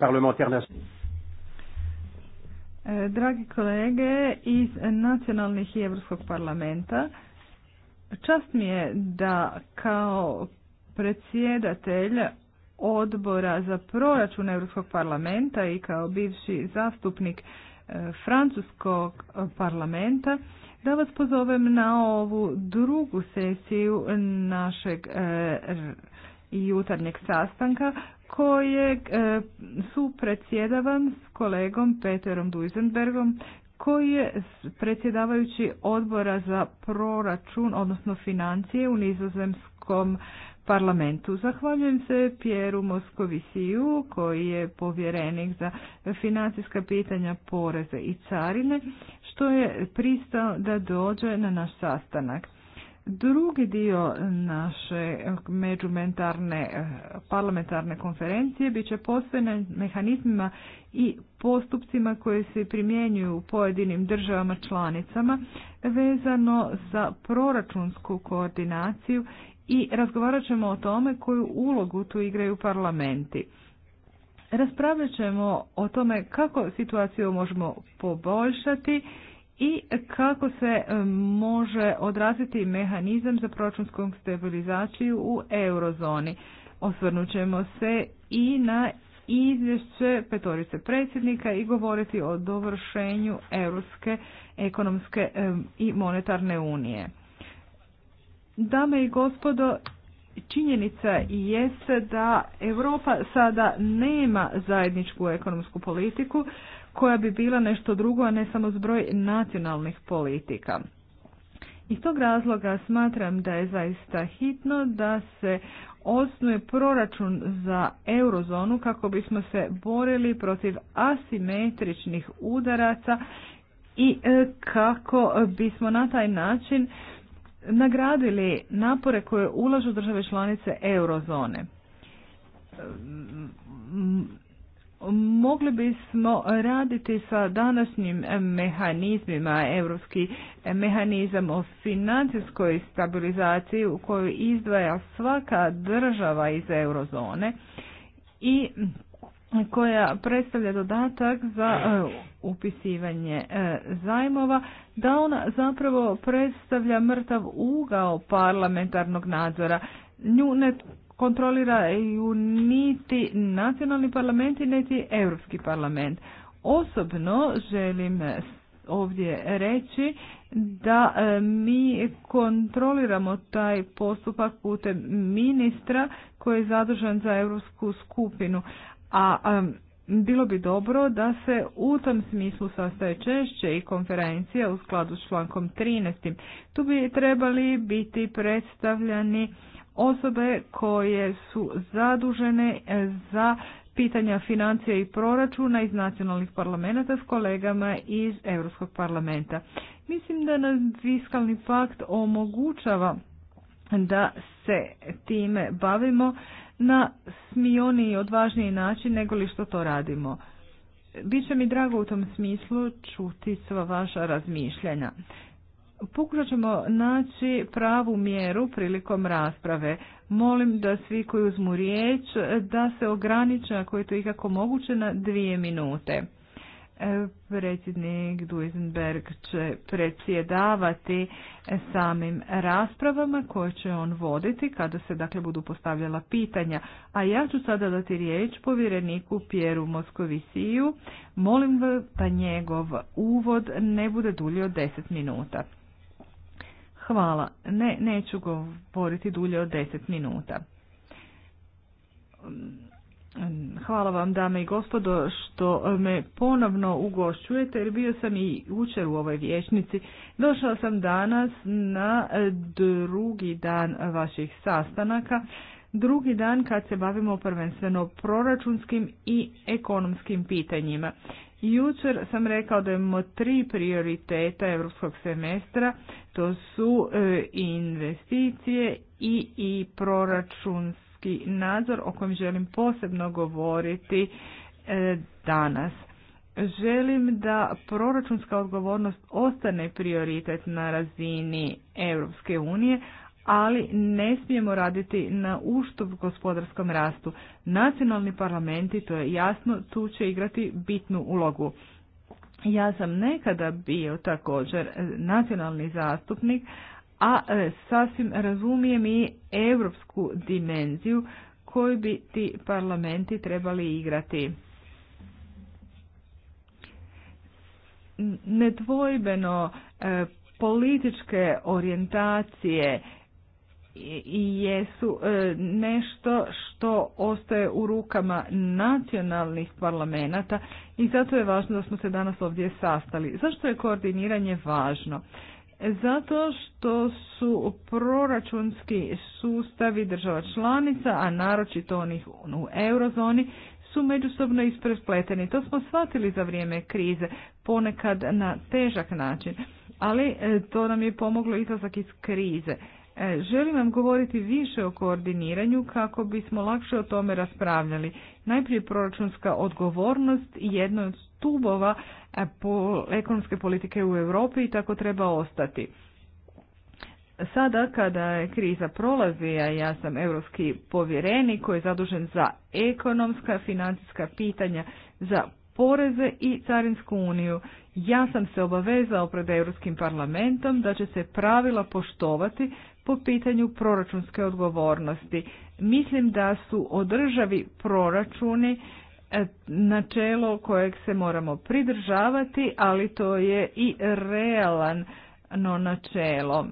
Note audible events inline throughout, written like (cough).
parlementaires e, Dragi kolege iz nacionalnih i Europskog parlamenta, čast mi je da kao predsjedatelj odbora za proračun Europskog parlamenta i kao bivši zastupnik e, francuskog parlamenta da vas pozovem na ovu drugu sesiju našeg e, jutarnjeg sastanka kojeg e, su predsjedavam s kolegom Peterom Duisenbergom koji je predsjedavajući odbora za proračun, odnosno financije u nizozemskom parlamentu. Zahvaljujem se Pjeru Moskovisiju koji je povjerenik za financijska pitanja poreze i carine što je pristao da dođe na naš sastanak. Drugi dio naše međumentarne eh, parlamentarne konferencije bit će na mehanizmima i postupcima koje se primjenjuju u pojedinim državama članicama vezano za proračunsku koordinaciju i razgovarat ćemo o tome koju ulogu tu igraju parlamenti. Raspravljat ćemo o tome kako situaciju možemo poboljšati i kako se e, može odraziti mehanizam za proračunsku stabilizaciju u eurozoni. Osvrnut ćemo se i na izvješće petorice predsjednika i govoriti o dovršenju Europske ekonomske e, i monetarne unije. Dame i gospodo, činjenica jeste da Europa sada nema zajedničku ekonomsku politiku, koja bi bila nešto drugo, a ne samo zbroj nacionalnih politika. Iz tog razloga smatram da je zaista hitno da se osnuje proračun za eurozonu kako bismo se borili protiv asimetričnih udaraca i e, kako bismo na taj način nagradili napore koje ulažu države članice eurozone mogli bismo raditi sa današnjim mehanizmima, evropski mehanizam o financijskoj stabilizaciji u koju izdvaja svaka država iz eurozone i koja predstavlja dodatak za e, upisivanje e, zajmova, da ona zapravo predstavlja mrtav ugao parlamentarnog nadzora. Nju ne kontroliraju niti nacionalni parlamenti, niti Europski parlament. Osobno želim ovdje reći da e, mi kontroliramo taj postupak putem ministra koji je zadužen za europsku skupinu, a bilo bi dobro da se u tom smislu sastaje češće i konferencija u skladu s člankom 13. Tu bi trebali biti predstavljani osobe koje su zadužene e, za pitanja financija i proračuna iz nacionalnih parlamenta s kolegama iz Europskog parlamenta. Mislim da nam fiskalni pakt omogućava da se time bavimo na smioniji i odvažniji način nego li što to radimo. Biće mi drago u tom smislu čuti sva vaša razmišljanja. Pokušat ćemo naći pravu mjeru prilikom rasprave. Molim da svi koji uzmu riječ da se ograniče ako je to ikako moguće na dvije minute. E, predsjednik Duisenberg će predsjedavati samim raspravama koje će on voditi kada se dakle budu postavljala pitanja. A ja ću sada dati riječ povjereniku Pjeru Moskovisiju. Molim da njegov uvod ne bude dulji od 10 minuta. Hvala. Ne, neću govoriti dulje od 10 minuta. Hvala vam dame i gospodo što me ponovno ugošćujete jer bio sam i učer u ovoj vječnici. Došao sam danas na drugi dan vaših sastanaka, drugi dan kad se bavimo prvenstveno proračunskim i ekonomskim pitanjima. Jučer sam rekao da imamo tri prioriteta europskog semestra to su e, investicije i, i proračunski nadzor o kojem želim posebno govoriti e, danas. Želim da proračunska odgovornost ostane prioritet na razini Europske unije, ali ne smijemo raditi na uštup gospodarskom rastu. Nacionalni parlamenti, to je jasno, tu će igrati bitnu ulogu. Ja sam nekada bio također e, nacionalni zastupnik, a e, sasvim razumijem i europsku dimenziju koju bi ti parlamenti trebali igrati. Nedvojbeno e, političke orijentacije i jesu nešto što ostaje u rukama nacionalnih parlamenta i zato je važno da smo se danas ovdje sastali. Zašto je koordiniranje važno? Zato što su proračunski sustavi država članica, a naročito onih u eurozoni, su međusobno isprespleteni. To smo shvatili za vrijeme krize, ponekad na težak način, ali e, to nam je pomoglo izlazak iz krize. E, želim vam govoriti više o koordiniranju kako bismo lakše o tome raspravljali. Najprije proračunska odgovornost jedno od stubova e, ekonomske politike u Europi i tako treba ostati. Sada kada je kriza prolazi, a ja sam europski povjerenik koji je zadužen za ekonomska, financijska pitanja, za poreze i carinsku uniju. Ja sam se obavezao pred Europskim parlamentom da će se pravila poštovati po pitanju proračunske odgovornosti. Mislim da su održavi proračuni e, načelo kojeg se moramo pridržavati, ali to je i realan načelo.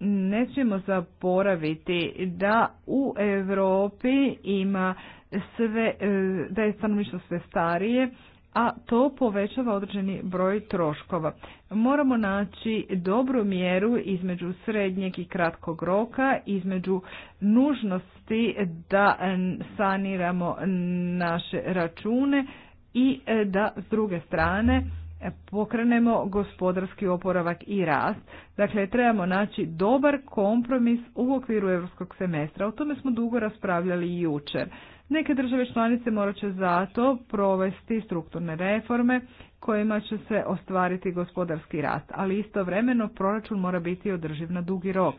Ne smijemo zaboraviti da u Europi ima sve, e, da je stanovništvo sve starije, a to povećava određeni broj troškova. Moramo naći dobru mjeru između srednjeg i kratkog roka, između nužnosti da saniramo naše račune i e, da s druge strane e, pokrenemo gospodarski oporavak i rast. Dakle, trebamo naći dobar kompromis u okviru europskog semestra. O tome smo dugo raspravljali i jučer. Neke države članice morat će zato provesti strukturne reforme kojima će se ostvariti gospodarski rast, ali istovremeno proračun mora biti održiv na dugi rok.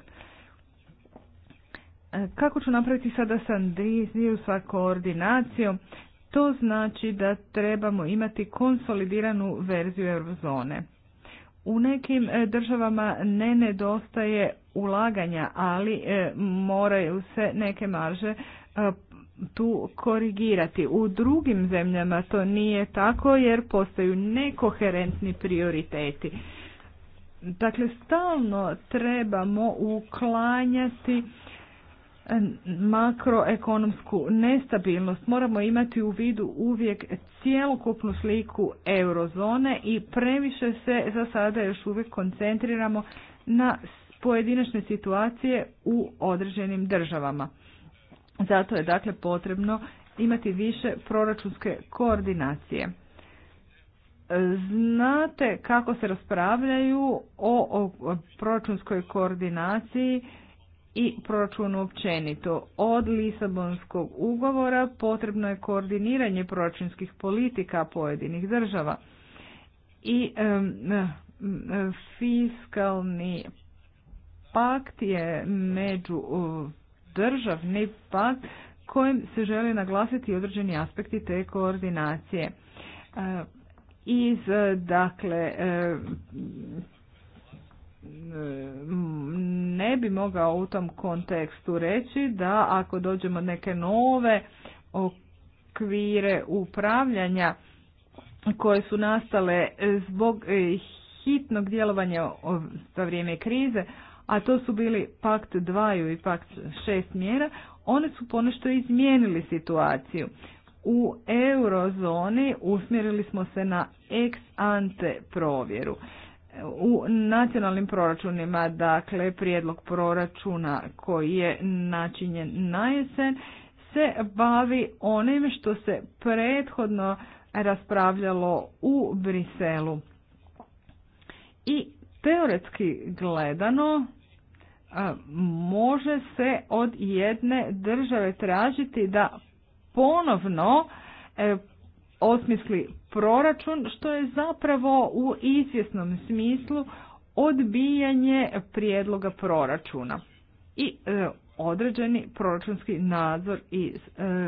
E, kako ću napraviti sada sa Andriju sa koordinacijom? To znači da trebamo imati konsolidiranu verziju eurozone. U nekim e, državama ne nedostaje ulaganja, ali e, moraju se neke marže tu korigirati. U drugim zemljama to nije tako jer postaju nekoherentni prioriteti. Dakle, stalno trebamo uklanjati eh, makroekonomsku nestabilnost. Moramo imati u vidu uvijek cjelokupnu sliku eurozone i previše se za sada još uvijek koncentriramo na pojedinačne situacije u određenim državama. Zato je dakle potrebno imati više proračunske koordinacije. Znate kako se raspravljaju o, o proračunskoj koordinaciji i proračunu općenito. Od Lisabonskog ugovora potrebno je koordiniranje proračunskih politika pojedinih država i fiskalni pakt je među ...državni pakt kojim se želi naglasiti određeni aspekti te koordinacije. E, iz dakle e, ne bi mogao u tom kontekstu reći da ako dođemo neke nove okvire upravljanja koje su nastale zbog hitnog djelovanja za vrijeme krize, a to su bili pakt dvaju i pakt šest mjera, one su ponešto izmijenili situaciju. U eurozoni usmjerili smo se na ex ante provjeru. U nacionalnim proračunima, dakle prijedlog proračuna koji je načinjen na jesen, se bavi onim što se prethodno raspravljalo u Briselu. I teoretski gledano, može se od jedne države tražiti da ponovno e, osmisli proračun što je zapravo u izvjesnom smislu odbijanje prijedloga proračuna i e, određeni proračunski nadzor iz e,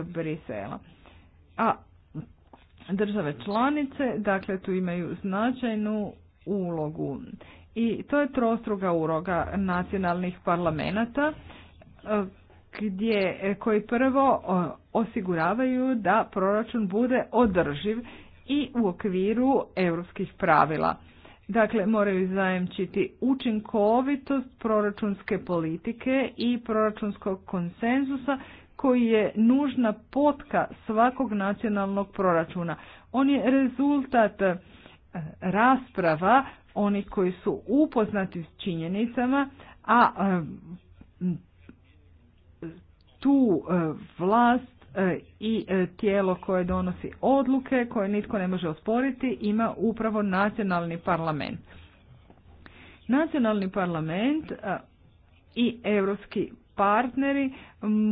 Brisela. A države članice, dakle tu imaju značajnu ulogu i to je trostruga uroga nacionalnih parlamenta e, gdje, e, koji prvo osiguravaju da proračun bude održiv i u okviru europskih pravila. Dakle, moraju zajemčiti učinkovitost proračunske politike i proračunskog konsenzusa koji je nužna potka svakog nacionalnog proračuna. On je rezultat e, rasprava oni koji su upoznati s činjenicama, a tu e, vlast e, i e, tijelo koje donosi odluke, koje nitko ne može osporiti, ima upravo nacionalni parlament. Nacionalni parlament i europski partneri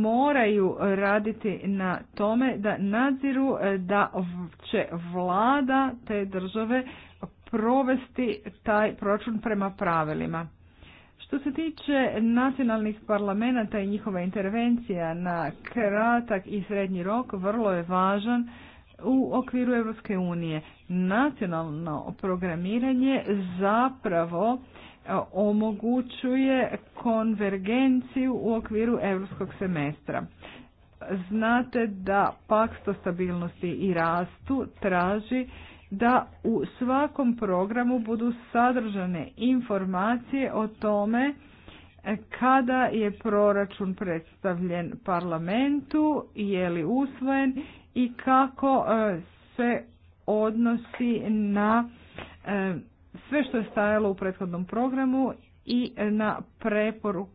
moraju raditi na tome da nadziru da će vlada te države provesti taj proračun prema pravilima. Što se tiče nacionalnih parlamenta i njihova intervencija na kratak i srednji rok vrlo je važan u okviru Europske unije. Nacionalno programiranje zapravo e, omogućuje konvergenciju u okviru europskog semestra. Znate da paksto o stabilnosti i rastu traži da u svakom programu budu sadržane informacije o tome e, kada je proračun predstavljen parlamentu, je li usvojen i kako e, se odnosi na e, sve što je stajalo u prethodnom programu i na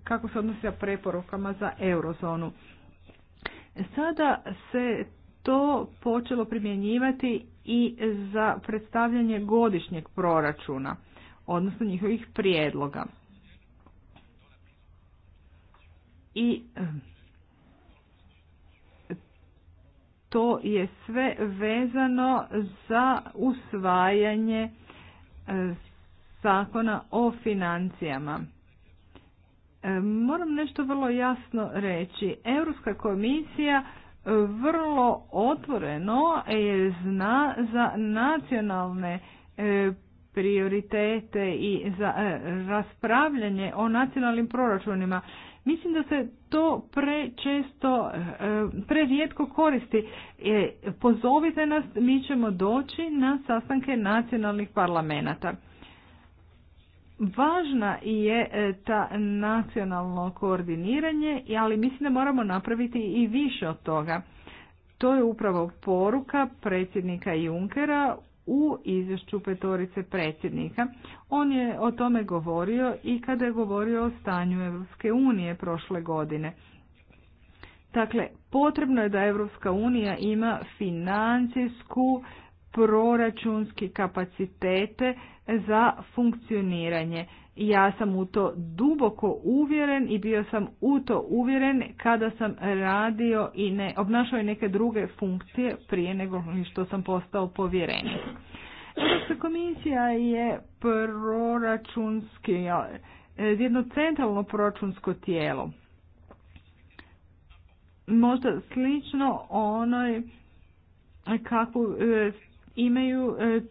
kako se odnosi na preporukama za eurozonu. Sada se to počelo primjenjivati i za predstavljanje godišnjeg proračuna, odnosno njihovih prijedloga. I to je sve vezano za usvajanje e, zakona o financijama. E, moram nešto vrlo jasno reći. Europska komisija vrlo otvoreno je zna za nacionalne e, prioritete i za e, raspravljanje o nacionalnim proračunima. Mislim da se to prečesto, e, prerijetko koristi. Pozovite nas, mi ćemo doći na sastanke nacionalnih parlamenta. Važna je e, ta nacionalno koordiniranje, ali mislim da moramo napraviti i više od toga. To je upravo poruka predsjednika Junkera u izvješću petorice predsjednika. On je o tome govorio i kada je govorio o stanju Europske unije prošle godine. Dakle, potrebno je da Europska unija ima financijsku proračunski kapacitete za funkcioniranje. Ja sam u to duboko uvjeren i bio sam u to uvjeren kada sam radio i ne, obnašao i neke druge funkcije prije nego što sam postao povjerenik. Europska komisija je proračunski, jedno centralno proračunsko tijelo. Možda slično onoj kako e, imaju e,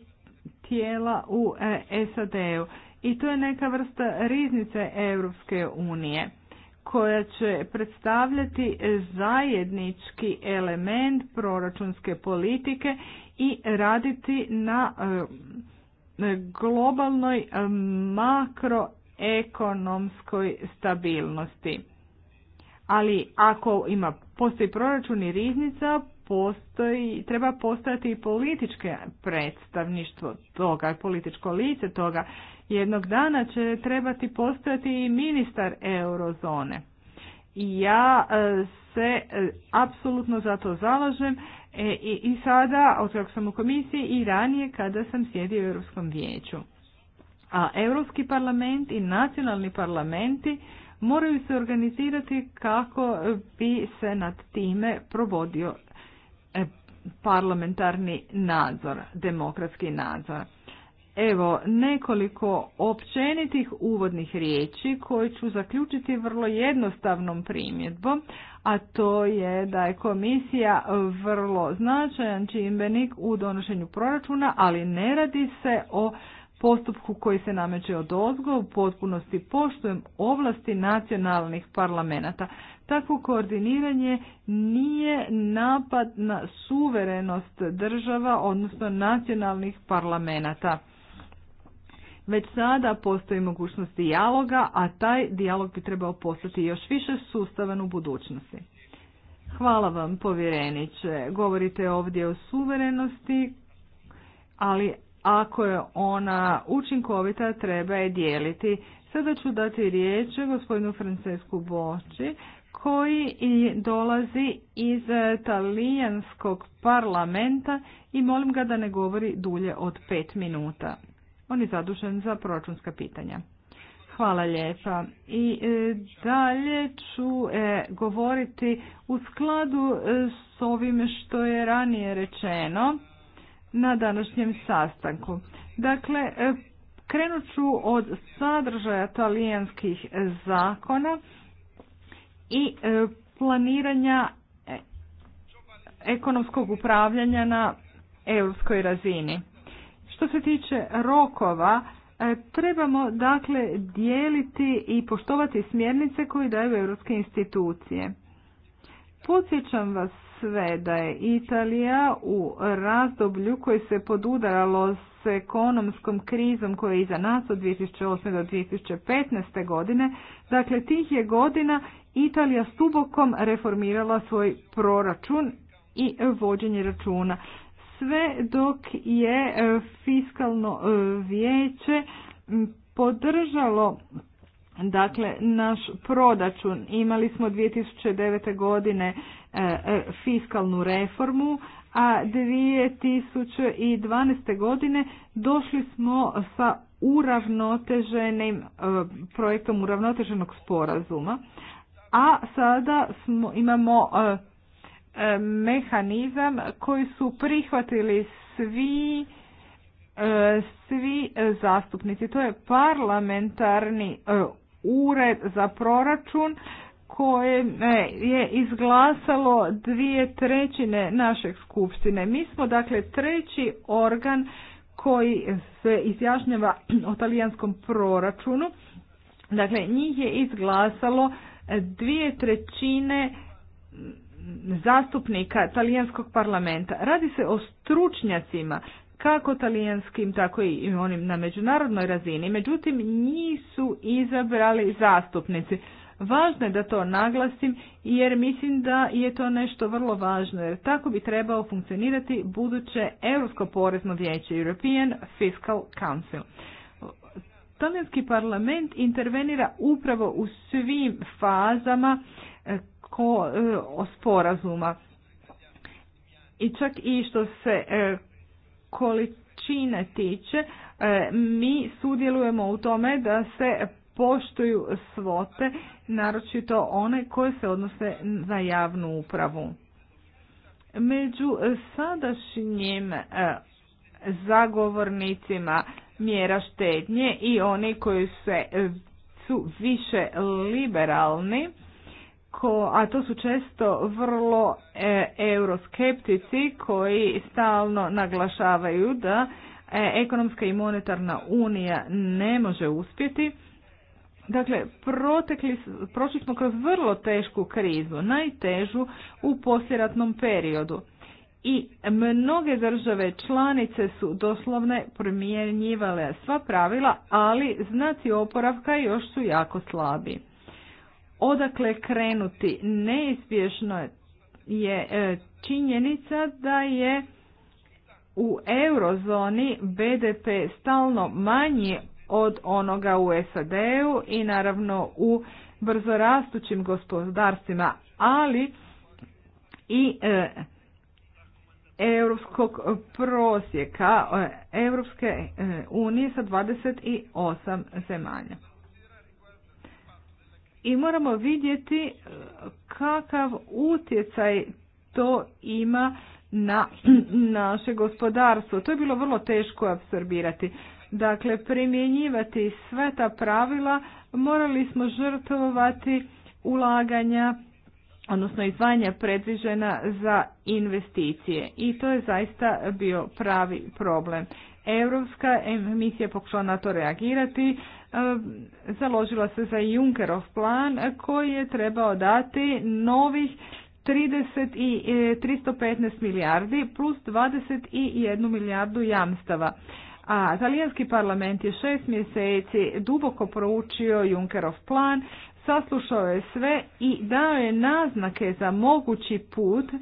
tijela u e, SAD-u. I to je neka vrsta riznice Europske unije koja će predstavljati zajednički element proračunske politike i raditi na e, globalnoj makroekonomskoj stabilnosti. Ali ako ima postoji proračun i riznica, postoji, treba postojati i političke predstavništvo toga, političko lice toga. Jednog dana će trebati postojati i ministar eurozone. I ja e, se e, apsolutno za to zalažem e, i, i sada, od sam u komisiji, i ranije kada sam sjedio u Europskom vijeću. A Europski parlament i nacionalni parlamenti moraju se organizirati kako bi se nad time provodio parlamentarni nadzor, demokratski nadzor. Evo nekoliko općenitih uvodnih riječi koje ću zaključiti vrlo jednostavnom primjedbom, a to je da je komisija vrlo značajan čimbenik u donošenju proračuna, ali ne radi se o postupku koji se nameće od ozgo, u potpunosti poštujem ovlasti nacionalnih parlamenta. Takvo koordiniranje nije napad na suverenost država, odnosno nacionalnih parlamenata. Već sada postoji mogućnost dijaloga, a taj dijalog bi trebao postati još više sustavan u budućnosti. Hvala vam, povjereniče. Govorite ovdje o suverenosti, ali ako je ona učinkovita, treba je dijeliti. Sada ću dati riječ gospodinu Francesku Boči koji dolazi iz talijanskog parlamenta i molim ga da ne govori dulje od pet minuta. On je zadužen za proračunska pitanja. Hvala lijepa. I e, dalje ću e, govoriti u skladu e, s ovim što je ranije rečeno na današnjem sastanku. Dakle, krenut ću od sadržaja talijanskih zakona i e, planiranja e, ekonomskog upravljanja na europskoj razini. Što se tiče rokova, e, trebamo dakle dijeliti i poštovati smjernice koje daju europske institucije. Podsjećam vas sve da je Italija u razdoblju koje se podudaralo s ekonomskom krizom koja je iza nas od 2008. do 2015. godine. Dakle, tih je godina Italija subokom reformirala svoj proračun i vođenje računa. Sve dok je e, fiskalno e, vijeće podržalo Dakle, naš proračun imali smo 2009. godine e, fiskalnu reformu, a 2012. godine došli smo sa uravnoteženim e, projektom uravnoteženog sporazuma, a sada smo, imamo e, e, mehanizam koji su prihvatili svi svi zastupnici. To je parlamentarni ured za proračun koje e, je izglasalo dvije trećine našeg skupštine. Mi smo dakle treći organ koji se izjašnjava o talijanskom proračunu. Dakle, njih je izglasalo dvije trećine zastupnika talijanskog parlamenta. Radi se o stručnjacima, kako talijanskim, tako i onim na međunarodnoj razini. Međutim, njih su izabrali zastupnici. Važno je da to naglasim jer mislim da je to nešto vrlo važno jer tako bi trebao funkcionirati buduće Europsko porezno vijeće European Fiscal Council. Talijanski parlament intervenira upravo u svim fazama eh, ko, eh, sporazuma. I čak i što se eh, količine tiče, mi sudjelujemo u tome da se poštuju svote, naročito one koje se odnose na javnu upravu. Među sadašnjim e, zagovornicima mjera štednje i oni koji se, e, su više liberalni, ko, a to su često vrlo e, euroskeptici koji stalno naglašavaju da ekonomska i monetarna unija ne može uspjeti, Dakle, protekli, prošli smo kroz vrlo tešku krizu, najtežu u posljeratnom periodu. I mnoge države članice su doslovne primjenjivale sva pravila, ali znaci oporavka još su jako slabi. Odakle krenuti neizbježno je e, činjenica da je u eurozoni BDP stalno manji od onoga u SAD-u i naravno u brzo rastućim gospodarstvima, ali i e, europskog prosjeka e, Europske e, unije sa 28 zemalja. I moramo vidjeti e, kakav utjecaj to ima na (clears throat) naše gospodarstvo. To je bilo vrlo teško apsorbirati. Dakle, primjenjivati sve ta pravila morali smo žrtvovati ulaganja, odnosno izvanja predviđena za investicije i to je zaista bio pravi problem. Europska emisija pokušala na to reagirati, e, založila se za Junckerov plan koji je trebao dati novih 30 i 315 e, milijardi plus 21 milijardu jamstava a talijanski parlament je šest mjeseci duboko proučio Junkerov plan, saslušao je sve i dao je naznake za mogući put, e,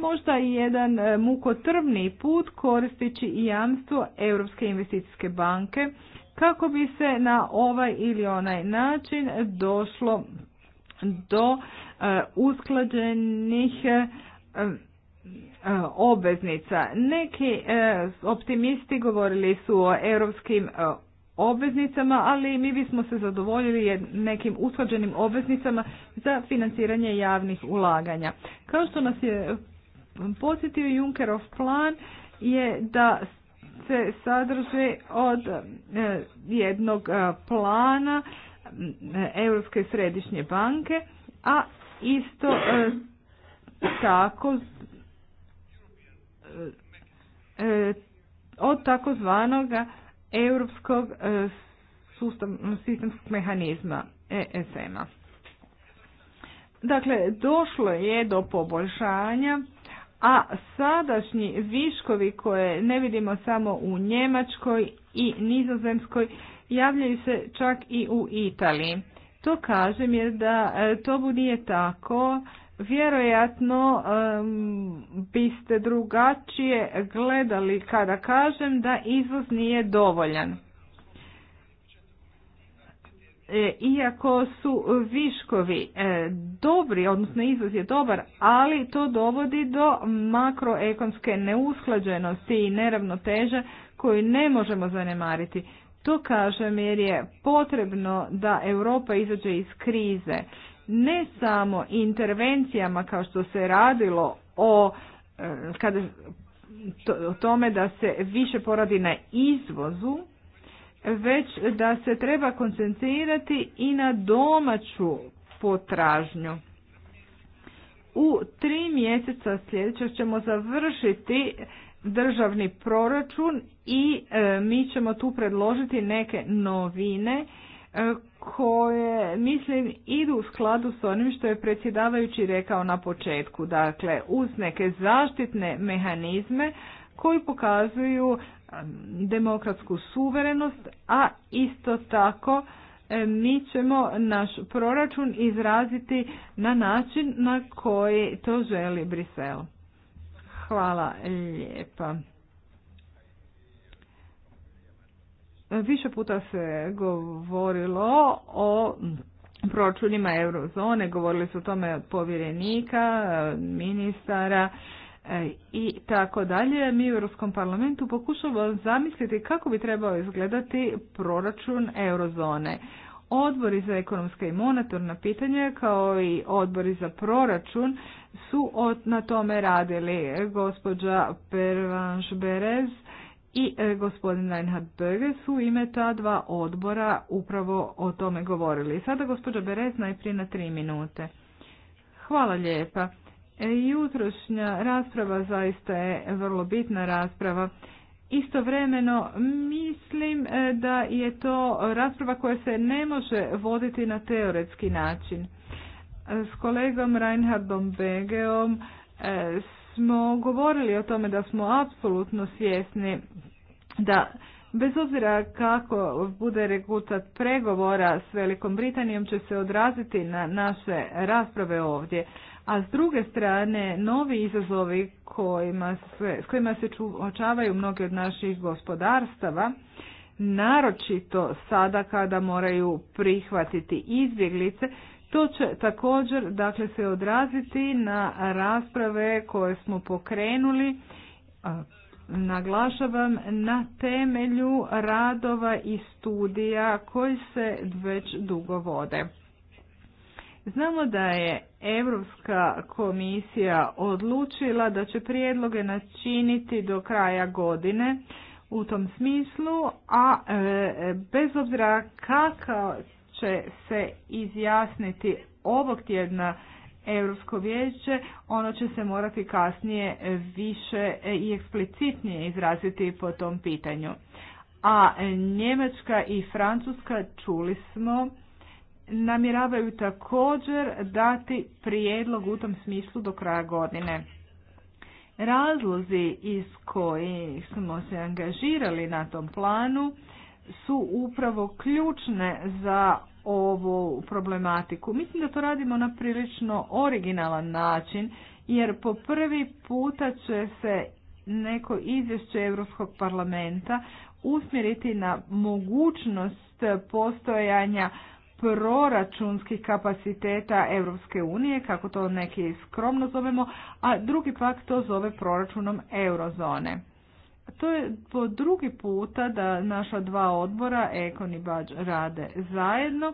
možda i jedan e, mukotrvni put koristeći i jamstvo Europske investicijske banke kako bi se na ovaj ili onaj način došlo do e, usklađenih E, obveznica. Neki e, optimisti govorili su o europskim e, obveznicama, ali mi bismo se zadovoljili nekim usklađenim obveznicama za financiranje javnih ulaganja. Kao što nas je posjetio Junkerov plan je da se sadrži od jednog plana Europske središnje banke, a isto tako E, od takozvanog europskog e, sustav, sistemskog mehanizma ESM-a. Dakle, došlo je do poboljšanja, a sadašnji viškovi koje ne vidimo samo u Njemačkoj i Nizozemskoj javljaju se čak i u Italiji. To kažem jer da e, to nije tako Vjerojatno um, biste drugačije gledali kada kažem da izvoz nije dovoljan. E, iako su viškovi e, dobri, odnosno izvoz je dobar, ali to dovodi do makroekonske neusklađenosti i neravnoteže koju ne možemo zanemariti. To kažem jer je potrebno da Europa izađe iz krize ne samo intervencijama kao što se radilo o e, kada o tome da se više poradi na izvozu, već da se treba koncentrirati i na domaću potražnju. U tri mjeseca sljedećeg ćemo završiti državni proračun i e, mi ćemo tu predložiti neke novine e, koje, mislim, idu u skladu s onim što je predsjedavajući rekao na početku. Dakle, uz neke zaštitne mehanizme koji pokazuju demokratsku suverenost, a isto tako mi ćemo naš proračun izraziti na način na koji to želi Brisel. Hvala lijepa. Više puta se govorilo o proračunima eurozone, govorili su o tome od povjerenika, ministara e, i tako dalje. Mi u Europskom parlamentu pokušamo zamisliti kako bi trebao izgledati proračun eurozone. Odbori za ekonomske i monetarna pitanja kao i odbori za proračun su na tome radili. Gospođa Pervanš Berez i e, gospodin Reinhard Böge su u ime ta dva odbora upravo o tome govorili. Sada gospođa Berez najprije na tri minute. Hvala lijepa. E, jutrošnja rasprava zaista je vrlo bitna rasprava. Istovremeno mislim e, da je to rasprava koja se ne može voditi na teoretski način. S kolegom Reinhardom Begeom smo govorili o tome da smo apsolutno svjesni da bez obzira kako bude rezultat pregovora s Velikom Britanijom će se odraziti na naše rasprave ovdje, a s druge strane novi izazovi kojima se, s kojima se očavaju mnogi od naših gospodarstava, naročito sada kada moraju prihvatiti izbjeglice, to će također dakle, se odraziti na rasprave koje smo pokrenuli naglašavam na temelju radova i studija koji se već dugo vode. Znamo da je Europska komisija odlučila da će prijedloge načiniti do kraja godine u tom smislu, a e, bez obzira kako će se izjasniti ovog tjedna Europsko vijeće, ono će se morati kasnije više i eksplicitnije izraziti po tom pitanju. A Njemačka i Francuska, čuli smo, namjeravaju također dati prijedlog u tom smislu do kraja godine. Razlozi iz kojih smo se angažirali na tom planu su upravo ključne za ovu problematiku. Mislim da to radimo na prilično originalan način jer po prvi puta će se neko izvješće Europskog parlamenta usmjeriti na mogućnost postojanja proračunskih kapaciteta Europske unije, kako to neki skromno zovemo, a drugi pak to zove proračunom eurozone. To je po drugi puta da naša dva odbora, Ekon i Bađ, rade zajedno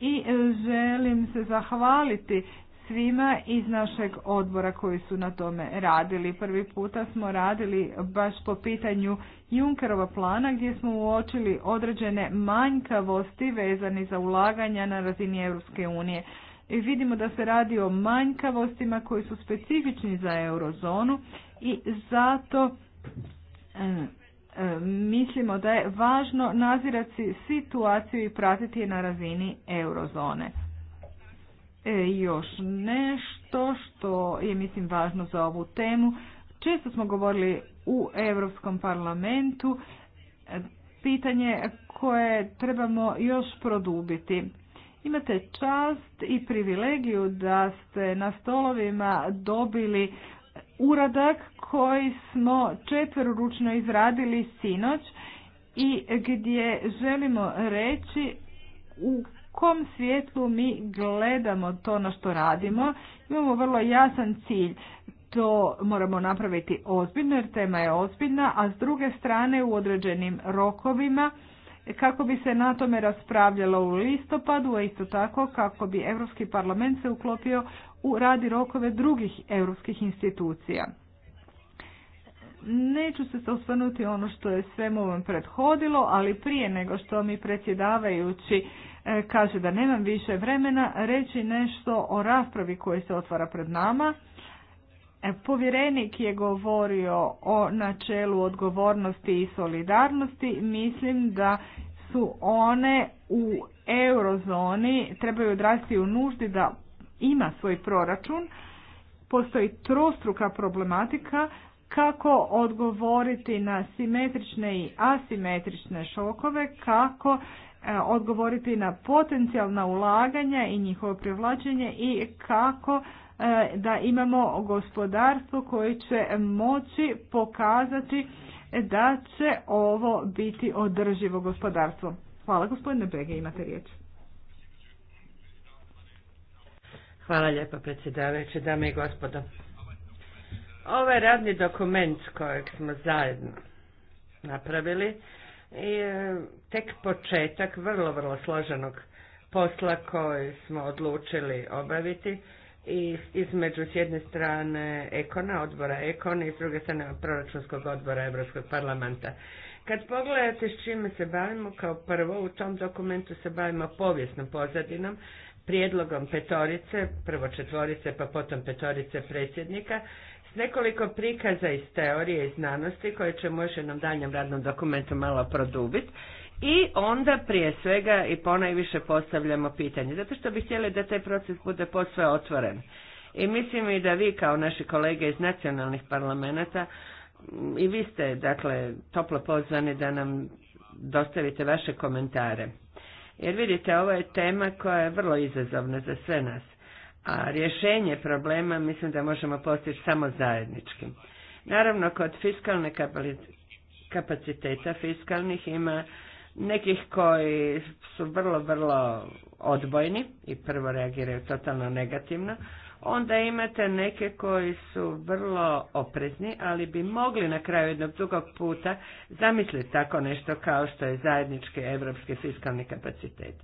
i e, želim se zahvaliti svima iz našeg odbora koji su na tome radili. Prvi puta smo radili baš po pitanju Junkerova plana gdje smo uočili određene manjkavosti vezani za ulaganja na razini Europske unije. I vidimo da se radi o manjkavostima koji su specifični za eurozonu i zato E, e, mislimo da je važno nazirati situaciju i pratiti je na razini eurozone. E, još nešto što je mislim važno za ovu temu. Često smo govorili u Europskom parlamentu e, pitanje koje trebamo još produbiti. Imate čast i privilegiju da ste na stolovima dobili uradak koji smo četveroručno izradili sinoć i gdje želimo reći u kom svjetlu mi gledamo to na što radimo. Imamo vrlo jasan cilj. To moramo napraviti ozbiljno jer tema je ozbiljna, a s druge strane u određenim rokovima kako bi se na tome raspravljalo u listopadu, a isto tako kako bi Europski parlament se uklopio radi rokove drugih europskih institucija. Neću se osvrnuti ono što je svemu ovom prethodilo, ali prije nego što mi predsjedavajući e, kaže da nemam više vremena, reći nešto o raspravi koja se otvara pred nama. E, povjerenik je govorio o načelu odgovornosti i solidarnosti. Mislim da su one u eurozoni trebaju odrasti u nuždi da ima svoj proračun, postoji trostruka problematika kako odgovoriti na simetrične i asimetrične šokove, kako e, odgovoriti na potencijalna ulaganja i njihovo privlačenje i kako e, da imamo gospodarstvo koje će moći pokazati da će ovo biti održivo gospodarstvo. Hvala gospodine Bege, imate riječ. Hvala lijepa predsjedavajući, dame i gospodo. Ovaj radni dokument kojeg smo zajedno napravili je tek početak vrlo, vrlo složenog posla koji smo odlučili obaviti i između s jedne strane Ekona, odbora Ekona i s druge strane proračunskog odbora Europskog parlamenta. Kad pogledate s čime se bavimo, kao prvo u tom dokumentu se bavimo povijesnom pozadinom prijedlogom petorice, prvo četvorice pa potom petorice predsjednika, s nekoliko prikaza iz teorije i znanosti koje ćemo još jednom daljem radnom dokumentu malo produbiti. I onda prije svega i ponajviše postavljamo pitanje, zato što bi htjeli da taj proces bude posve otvoren. I mislim i da vi kao naši kolege iz nacionalnih parlamenta i vi ste dakle toplo pozvani da nam dostavite vaše komentare. Jer vidite, ovo je tema koja je vrlo izazovna za sve nas. A rješenje problema mislim da možemo postići samo zajedničkim. Naravno, kod fiskalne kapaciteta fiskalnih ima nekih koji su vrlo, vrlo odbojni i prvo reagiraju totalno negativno, onda imate neke koji su vrlo oprezni, ali bi mogli na kraju jednog drugog puta zamisliti tako nešto kao što je zajednički evropski fiskalni kapacitet.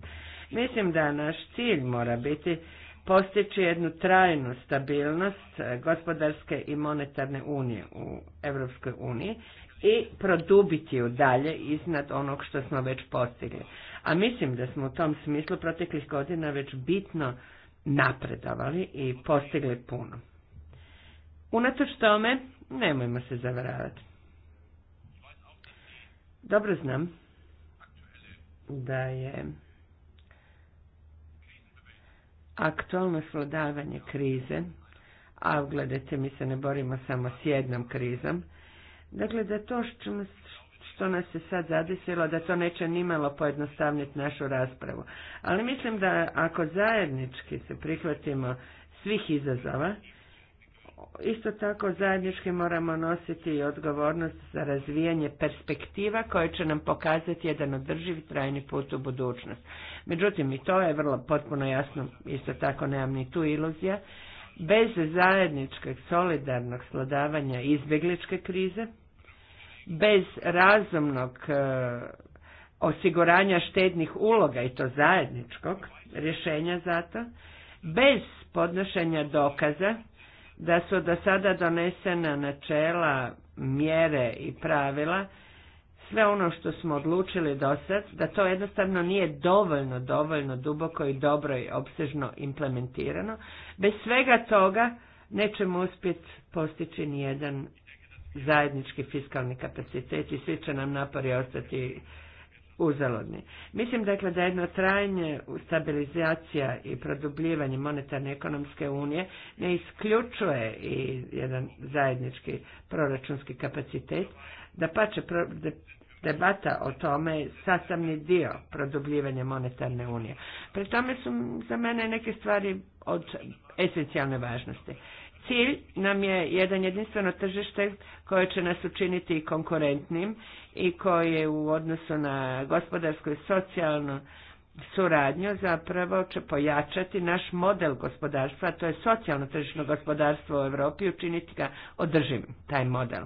Mislim da naš cilj mora biti postići jednu trajnu stabilnost eh, gospodarske i monetarne unije u Europskoj uniji i produbiti ju dalje iznad onog što smo već postigli. A mislim da smo u tom smislu proteklih godina već bitno napredovali i postigli puno. Unatoč tome, nemojmo se zavaravati. Dobro znam da je aktualno svladavanje krize, a gledajte, mi se ne borimo samo s jednom krizom, dakle da to što nas što nas je sad zadesilo da to neće nimalo pojednostavniti našu raspravu. Ali mislim da ako zajednički se prihvatimo svih izazova, isto tako zajednički moramo nositi i odgovornost za razvijanje perspektiva koje će nam pokazati jedan održiv trajni put u budućnost. Međutim, i to je vrlo potpuno jasno, isto tako nemam ni tu iluzija, bez zajedničkog solidarnog slodavanja izbjegličke krize, bez razumnog e, osiguranja štednih uloga i to zajedničkog rješenja za to, bez podnošenja dokaza da su do sada donesena načela, mjere i pravila, sve ono što smo odlučili do sad, da to jednostavno nije dovoljno, dovoljno duboko i dobro i obsežno implementirano. Bez svega toga nećemo uspjeti postići nijedan zajednički fiskalni kapacitet i svi će nam napori ostati uzalodni. Mislim dakle da jedno trajanje stabilizacija i produbljivanje monetarne ekonomske unije ne isključuje i jedan zajednički proračunski kapacitet, da pače debata o tome sastavni dio produbljivanja monetarne unije. Pre tome su za mene neke stvari od esencijalne važnosti. Cilj nam je jedan jedinstveno tržište koje će nas učiniti konkurentnim i koje u odnosu na gospodarsku i socijalnu suradnju zapravo će pojačati naš model gospodarstva, to je socijalno tržišno gospodarstvo u Europi i učiniti ga održivim, taj model.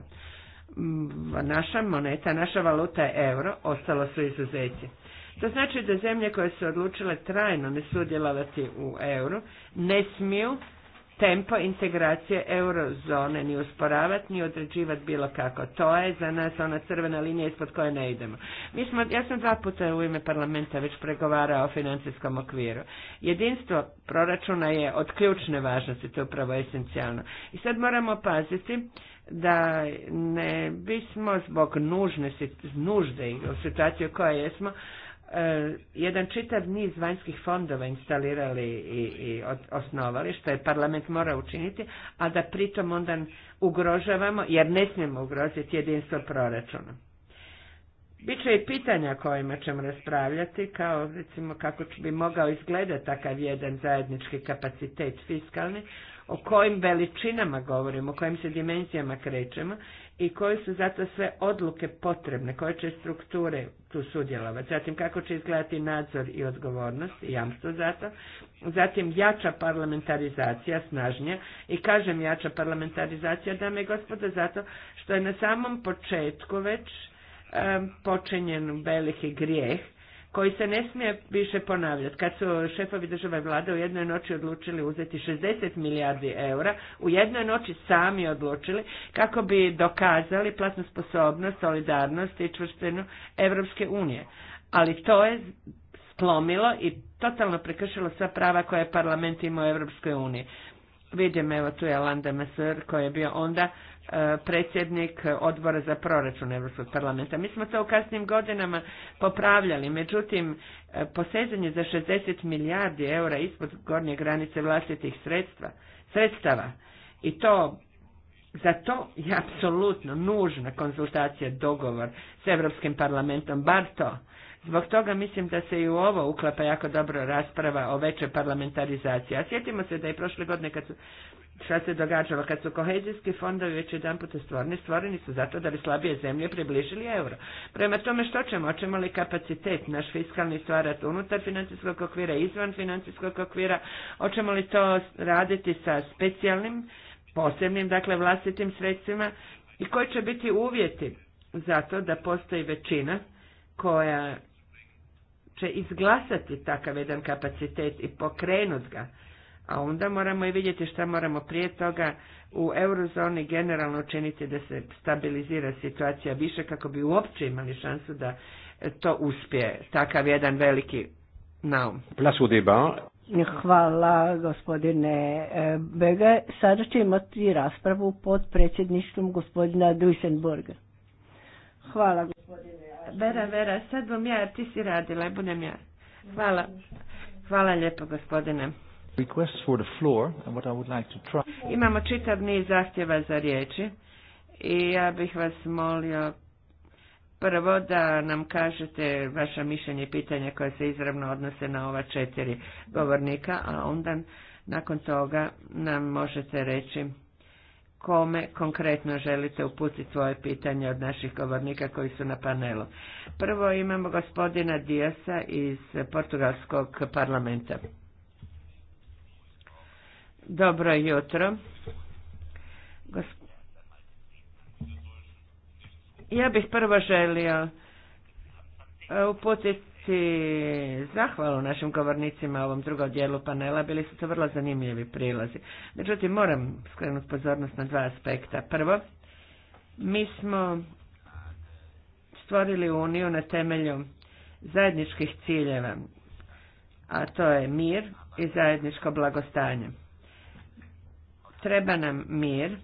Naša moneta, naša valuta je euro, ostalo su izuzeci. To znači da zemlje koje su odlučile trajno ne sudjelovati u euro ne smiju tempo integracije eurozone ni usporavati ni određivati bilo kako. To je za nas ona crvena linija ispod koje ne idemo. Mi smo, ja sam dva puta u ime parlamenta već pregovarao o financijskom okviru. Jedinstvo proračuna je od ključne važnosti, to je upravo esencijalno. I sad moramo paziti da ne bismo zbog nužne, nužde i situacije u kojoj jesmo, E, jedan čitav niz vanjskih fondova instalirali i, i osnovali, što je parlament mora učiniti, a da pritom onda ugrožavamo, jer ne smijemo ugroziti jedinstvo proračuna. Biće i pitanja kojima ćemo raspravljati, kao recimo kako bi mogao izgledati takav jedan zajednički kapacitet fiskalni, o kojim veličinama govorimo, o kojim se dimenzijama krećemo i koje su zato sve odluke potrebne, koje će strukture tu sudjelovati, zatim kako će izgledati nadzor i odgovornost i jamstvo to, zatim jača parlamentarizacija snažnja i kažem jača parlamentarizacija dame i gospodo zato što je na samom početku već počinjen veliki grijeh koji se ne smije više ponavljati. Kad su šefovi države vlade u jednoj noći odlučili uzeti 60 milijardi eura, u jednoj noći sami odlučili kako bi dokazali platnu sposobnost, solidarnost i čvrstinu Evropske unije. Ali to je slomilo i totalno prekršilo sva prava koje je parlament imao u Evropskoj uniji. Vidim, evo tu je Landa Masur koji je bio onda E, predsjednik odbora za proračun Europskog parlamenta. Mi smo to u kasnim godinama popravljali, međutim e, posezanje za 60 milijardi eura ispod gornje granice vlastitih sredstva, sredstava i to za to je apsolutno nužna konzultacija, dogovor s Europskim parlamentom, bar to. Zbog toga mislim da se i u ovo uklapa jako dobro rasprava o većoj parlamentarizaciji. A sjetimo se da je prošle godine kad su šta se događalo kad su kohezijski fondovi već jedan put stvoreni, stvoreni su zato da bi slabije zemlje približili euro. Prema tome što ćemo, hoćemo li kapacitet naš fiskalni stvarati unutar financijskog okvira, izvan financijskog okvira, hoćemo li to raditi sa specijalnim, posebnim, dakle vlastitim sredstvima i koji će biti uvjeti za to da postoji većina koja će izglasati takav jedan kapacitet i pokrenut ga a onda moramo i vidjeti šta moramo prije toga u eurozoni generalno učiniti da se stabilizira situacija više kako bi uopće imali šansu da to uspije takav jedan veliki naum. Hvala gospodine e, Bege. Sada će imati raspravu pod predsjedništvom gospodina Duisenburga. Hvala gospodine. Vera, Vera, sad vam ja, ti si radila, budem ja. Hvala. Hvala lijepo gospodine. Requests Imamo čitav niz zahtjeva za riječi i ja bih vas molio prvo da nam kažete vaša mišljenje i pitanja koje se izravno odnose na ova četiri govornika, a onda nakon toga nam možete reći kome konkretno želite uputiti svoje pitanje od naših govornika koji su na panelu. Prvo imamo gospodina Diasa iz Portugalskog parlamenta. Dobro jutro. Ja bih prvo želio e, uputiti zahvalu našim govornicima u ovom drugom dijelu panela. Bili su to vrlo zanimljivi prilazi. Međutim, moram skrenuti pozornost na dva aspekta. Prvo, mi smo stvorili Uniju na temelju zajedničkih ciljeva, a to je mir i zajedničko blagostanje. Treba nam mir,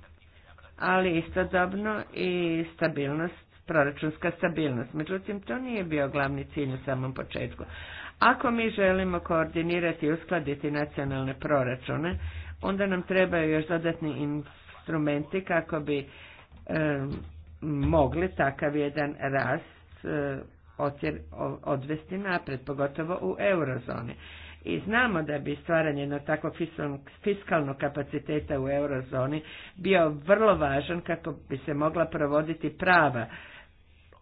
ali istodobno i stabilnost, proračunska stabilnost. Međutim, to nije bio glavni cilj u samom početku. Ako mi želimo koordinirati i uskladiti nacionalne proračune, onda nam trebaju još dodatni instrumenti kako bi e, mogli takav jedan rast e, odvesti napred, pogotovo u eurozoni i znamo da bi stvaranje jednog takvog fiskalnog kapaciteta u eurozoni bio vrlo važan kako bi se mogla provoditi prava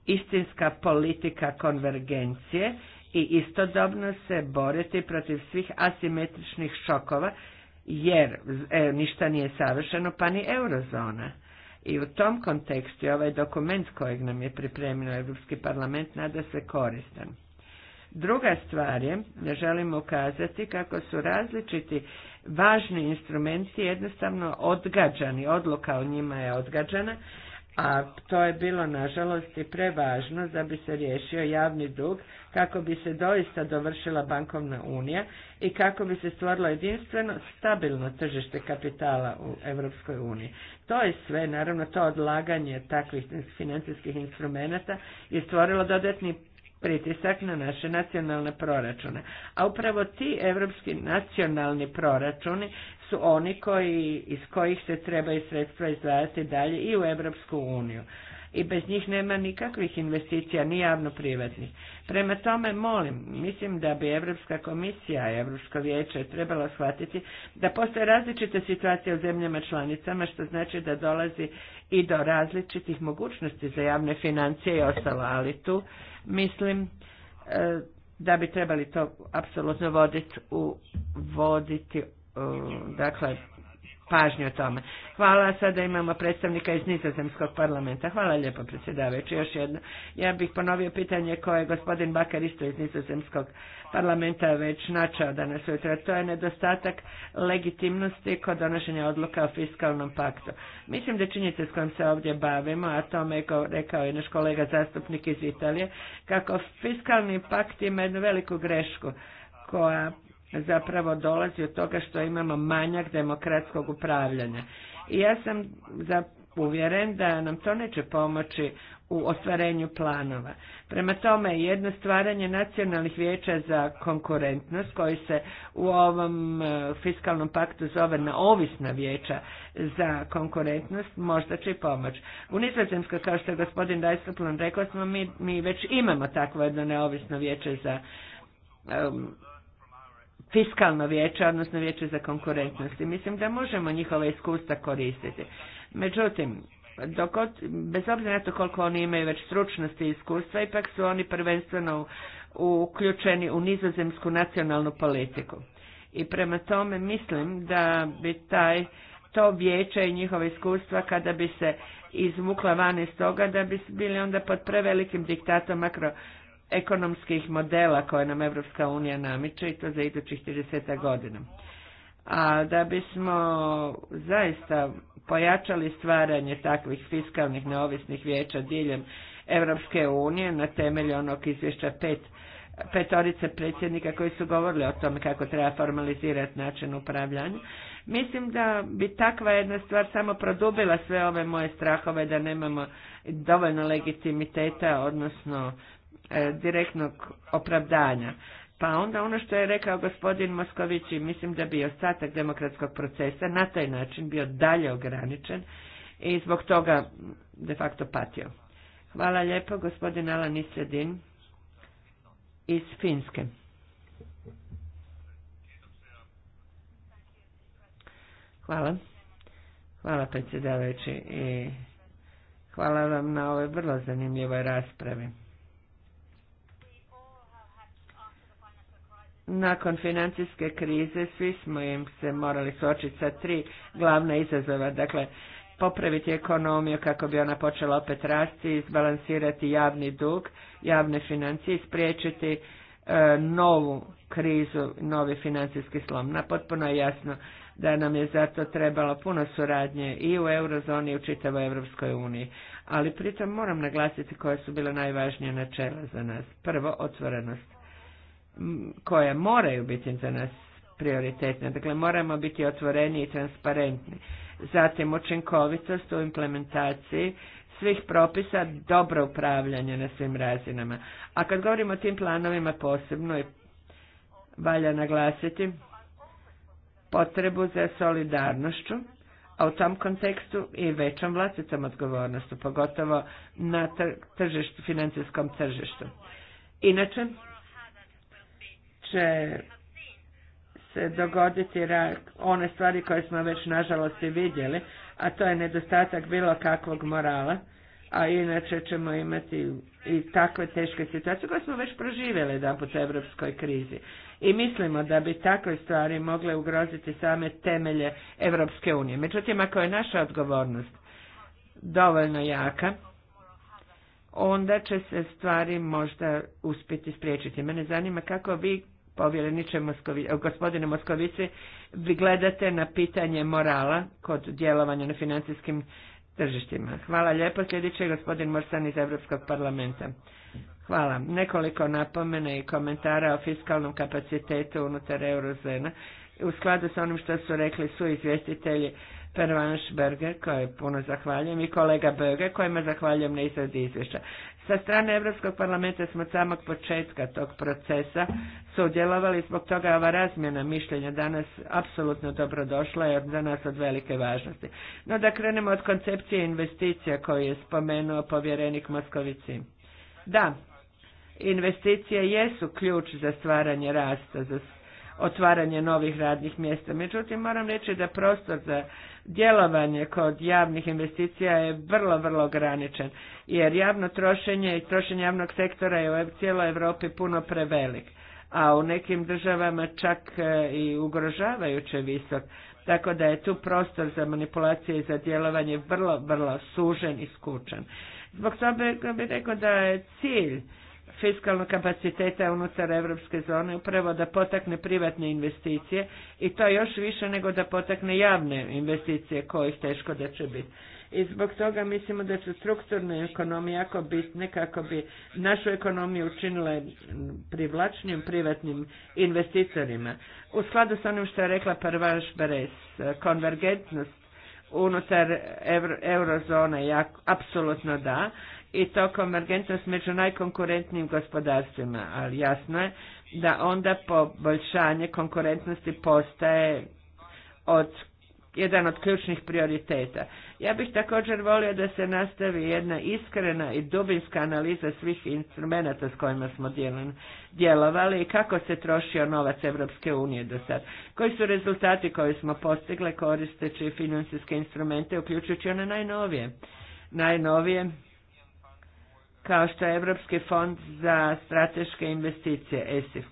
istinska politika konvergencije i istodobno se boriti protiv svih asimetričnih šokova jer e, ništa nije savršeno pa ni eurozona. I u tom kontekstu ovaj dokument kojeg nam je pripremio Europski parlament nada se koristan. Druga stvar je, da želim ukazati kako su različiti važni instrumenti jednostavno odgađani, odluka o njima je odgađana, a to je bilo nažalost i prevažno da bi se riješio javni dug kako bi se doista dovršila bankovna unija i kako bi se stvorilo jedinstveno stabilno tržište kapitala u Europskoj uniji. To je sve, naravno to odlaganje takvih financijskih instrumenata je stvorilo dodatni pritisak na naše nacionalne proračune. A upravo ti evropski nacionalni proračuni su oni koji, iz kojih se trebaju sredstva izdvajati dalje i u Evropsku uniju i bez njih nema nikakvih investicija, ni javno-privatnih. Prema tome, molim, mislim da bi Evropska komisija i Evropsko vijeće trebalo shvatiti da postoje različite situacije u zemljama članicama, što znači da dolazi i do različitih mogućnosti za javne financije i ostalo, ali tu mislim e, da bi trebali to apsolutno voditi u voditi dakle pažnju tome. Hvala, sada imamo predstavnika iz Nizozemskog parlamenta. Hvala lijepo, predsjedavajući. Još jedno, ja bih ponovio pitanje koje je gospodin Bakar isto iz Nizozemskog parlamenta već načao danas ujutro. To je nedostatak legitimnosti kod donošenja odluka o fiskalnom paktu. Mislim da činjenica s kojom se ovdje bavimo, a to me rekao i naš kolega zastupnik iz Italije, kako fiskalni pakt ima jednu veliku grešku koja zapravo dolazi od toga što imamo manjak demokratskog upravljanja. I ja sam uvjeren da nam to neće pomoći u ostvarenju planova. Prema tome, jedno stvaranje nacionalnih vijeća za konkurentnost, koji se u ovom e, fiskalnom paktu zove na ovisna vijeća za konkurentnost, možda će i pomoć. U Nizozemskoj, kao što je gospodin Dajstoplan rekao, smo mi, mi već imamo takvo jedno neovisno vijeće za e, fiskalno vijeće, odnosno vijeće za konkurentnost. I mislim da možemo njihova iskustva koristiti. Međutim, dok bez obzira na to koliko oni imaju već stručnosti i iskustva, ipak su oni prvenstveno uključeni u nizozemsku nacionalnu politiku. I prema tome mislim da bi taj to vijeće i njihova iskustva kada bi se izvukla van iz toga da bi bili onda pod prevelikim diktatom makro ekonomskih modela koje nam Evropska unija namiče i to za idućih 30 godina. A da bismo zaista pojačali stvaranje takvih fiskalnih neovisnih vijeća diljem Evropske unije na temelju onog izvješća pet petorice predsjednika koji su govorili o tome kako treba formalizirati način upravljanja. Mislim da bi takva jedna stvar samo produbila sve ove moje strahove da nemamo dovoljno legitimiteta, odnosno E, direktnog opravdanja. Pa onda ono što je rekao gospodin i mislim da bi ostatak demokratskog procesa na taj način bio dalje ograničen i zbog toga de facto patio. Hvala lijepo, gospodin Alan Isedin iz Finske. Hvala. Hvala predsjedavajući i hvala vam na ovoj vrlo zanimljivoj raspravi. Nakon financijske krize svi smo im se morali suočiti sa tri glavna izazova, dakle popraviti ekonomiju kako bi ona počela opet rasti, izbalansirati javni dug, javne financije i spriječiti e, novu krizu, novi financijski slom. Na potpuno je jasno da nam je zato trebalo puno suradnje i u eurozoni i u čitavoj Europskoj uniji. Ali pritom moram naglasiti koje su bile najvažnije načela za nas. Prvo, otvorenost koje moraju biti za nas prioritetne. Dakle, moramo biti otvoreni i transparentni. Zatim, učinkovitost u implementaciji svih propisa, dobro upravljanje na svim razinama. A kad govorimo o tim planovima posebno, i valja naglasiti potrebu za solidarnošću, a u tom kontekstu i većom vlastitom odgovornostu, pogotovo na tržištu, financijskom tržištu. Inače, će se dogoditi one stvari koje smo već nažalost i vidjeli, a to je nedostatak bilo kakvog morala, a inače ćemo imati i takve teške situacije koje smo već proživjeli da europskoj evropskoj krizi. I mislimo da bi takve stvari mogle ugroziti same temelje Evropske unije. Međutim, ako je naša odgovornost dovoljno jaka, onda će se stvari možda uspjeti spriječiti. Mene zanima kako vi povjereniče Moskovi, eh, gospodine Moskovici, vi gledate na pitanje morala kod djelovanja na financijskim tržištima. Hvala lijepo. Sljedeći je gospodin Morsan iz Europskog parlamenta. Hvala. Nekoliko napomena i komentara o fiskalnom kapacitetu unutar eurozena. U skladu sa onim što su rekli su izvjestitelji Pervanš Berger, koje puno zahvaljujem, i kolega Berger, kojima zahvaljujem na izradi izvješća. Sa strane Europskog parlamenta smo od samog početka tog procesa sudjelovali, zbog toga ova razmjena mišljenja danas apsolutno dobrodošla jer za nas od velike važnosti. No da krenemo od koncepcije investicija koju je spomenuo povjerenik Moskovici. Da, investicije jesu ključ za stvaranje rasta, za otvaranje novih radnih mjesta. Međutim, moram reći da prostor za djelovanje kod javnih investicija je vrlo, vrlo ograničen, jer javno trošenje i trošenje javnog sektora je u cijeloj Europi puno prevelik, a u nekim državama čak e, i ugrožavajuće visok, tako da je tu prostor za manipulacije i za djelovanje vrlo, vrlo sužen i skučen. Zbog toga bih rekao da je cilj fiskalnog kapaciteta unutar europske zone upravo da potakne privatne investicije i to još više nego da potakne javne investicije kojih teško da će biti. I zbog toga mislimo da su strukturne ekonomije jako bitne kako bi našu ekonomiju učinile privlačnim privatnim investitorima. U skladu sa onim što je rekla Parvaš Beres, konvergentnost unutar eurozone, ja, apsolutno da, i to s među najkonkurentnijim gospodarstvima, ali jasno je da onda poboljšanje konkurentnosti postaje od jedan od ključnih prioriteta. Ja bih također volio da se nastavi jedna iskrena i dubinska analiza svih instrumenata s kojima smo djelovali i kako se trošio novac Evropske unije do sad. Koji su rezultati koje smo postigle koristeći financijske instrumente, uključujući one najnovije. Najnovije kao što je Evropski fond za strateške investicije, ESIF.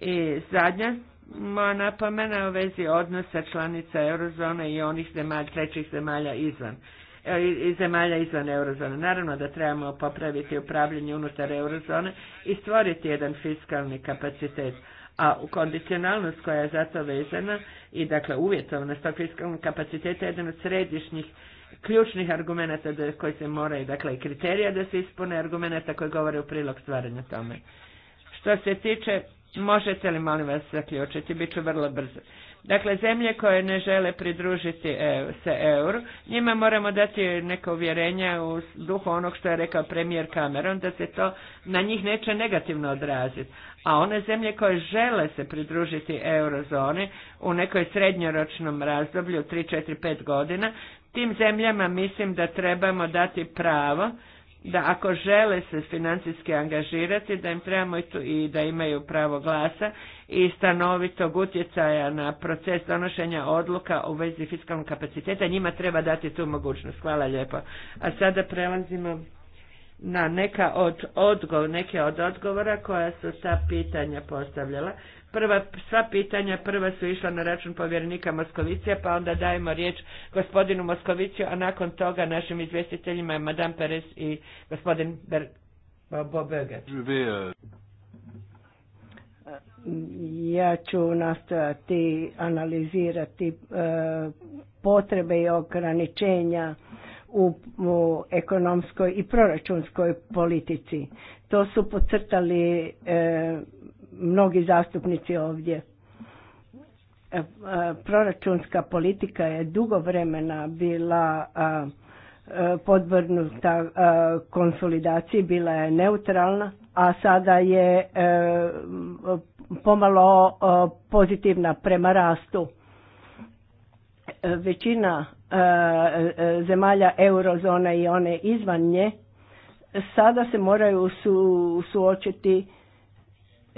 I zadnja moja napomena u vezi odnosa članica eurozone i onih zemalja, trećih zemalja izvan e, i zemalja izvan eurozone. Naravno da trebamo popraviti upravljanje unutar eurozone i stvoriti jedan fiskalni kapacitet, a u kondicionalnost koja je zato vezana i dakle uvjetovnost tog fiskalnog kapaciteta je jedan od središnjih ključnih argumenata koji se moraju, dakle i kriterija da se ispune argumenata koji govore u prilog stvaranja tome. Što se tiče Možete li, molim vas, zaključiti? ću vrlo brzo. Dakle, zemlje koje ne žele pridružiti e, se euro, njima moramo dati neko uvjerenja u duhu onog što je rekao premijer Cameron, da se to na njih neće negativno odraziti. A one zemlje koje žele se pridružiti eurozoni u nekoj srednjoročnom razdoblju, 3, 4, 5 godina, tim zemljama mislim da trebamo dati pravo da ako žele se financijski angažirati, da im trebamo i, tu, i da imaju pravo glasa i stanovitog utjecaja na proces donošenja odluka u vezi fiskalnog kapaciteta, njima treba dati tu mogućnost. Hvala lijepo. A sada prelazimo na neka od odgovor, neke od odgovora koja su ta pitanja postavljala prva, sva pitanja prva su išla na račun povjerenika Moskovicija, pa onda dajemo riječ gospodinu Moskoviciju, a nakon toga našim izvjestiteljima je Madame Perez i gospodin Ber... Bob euh, Ja ću nastojati analizirati e, potrebe i ograničenja u, ekonomskoj i proračunskoj politici. To su pocrtali e, mnogi zastupnici ovdje. E, e, proračunska politika je dugo vremena bila e, podvrnuta konsolidaciji, bila je neutralna, a sada je pomalo pozitivna prema rastu. Većina zemalja eurozone i one izvan nje sada se moraju suočiti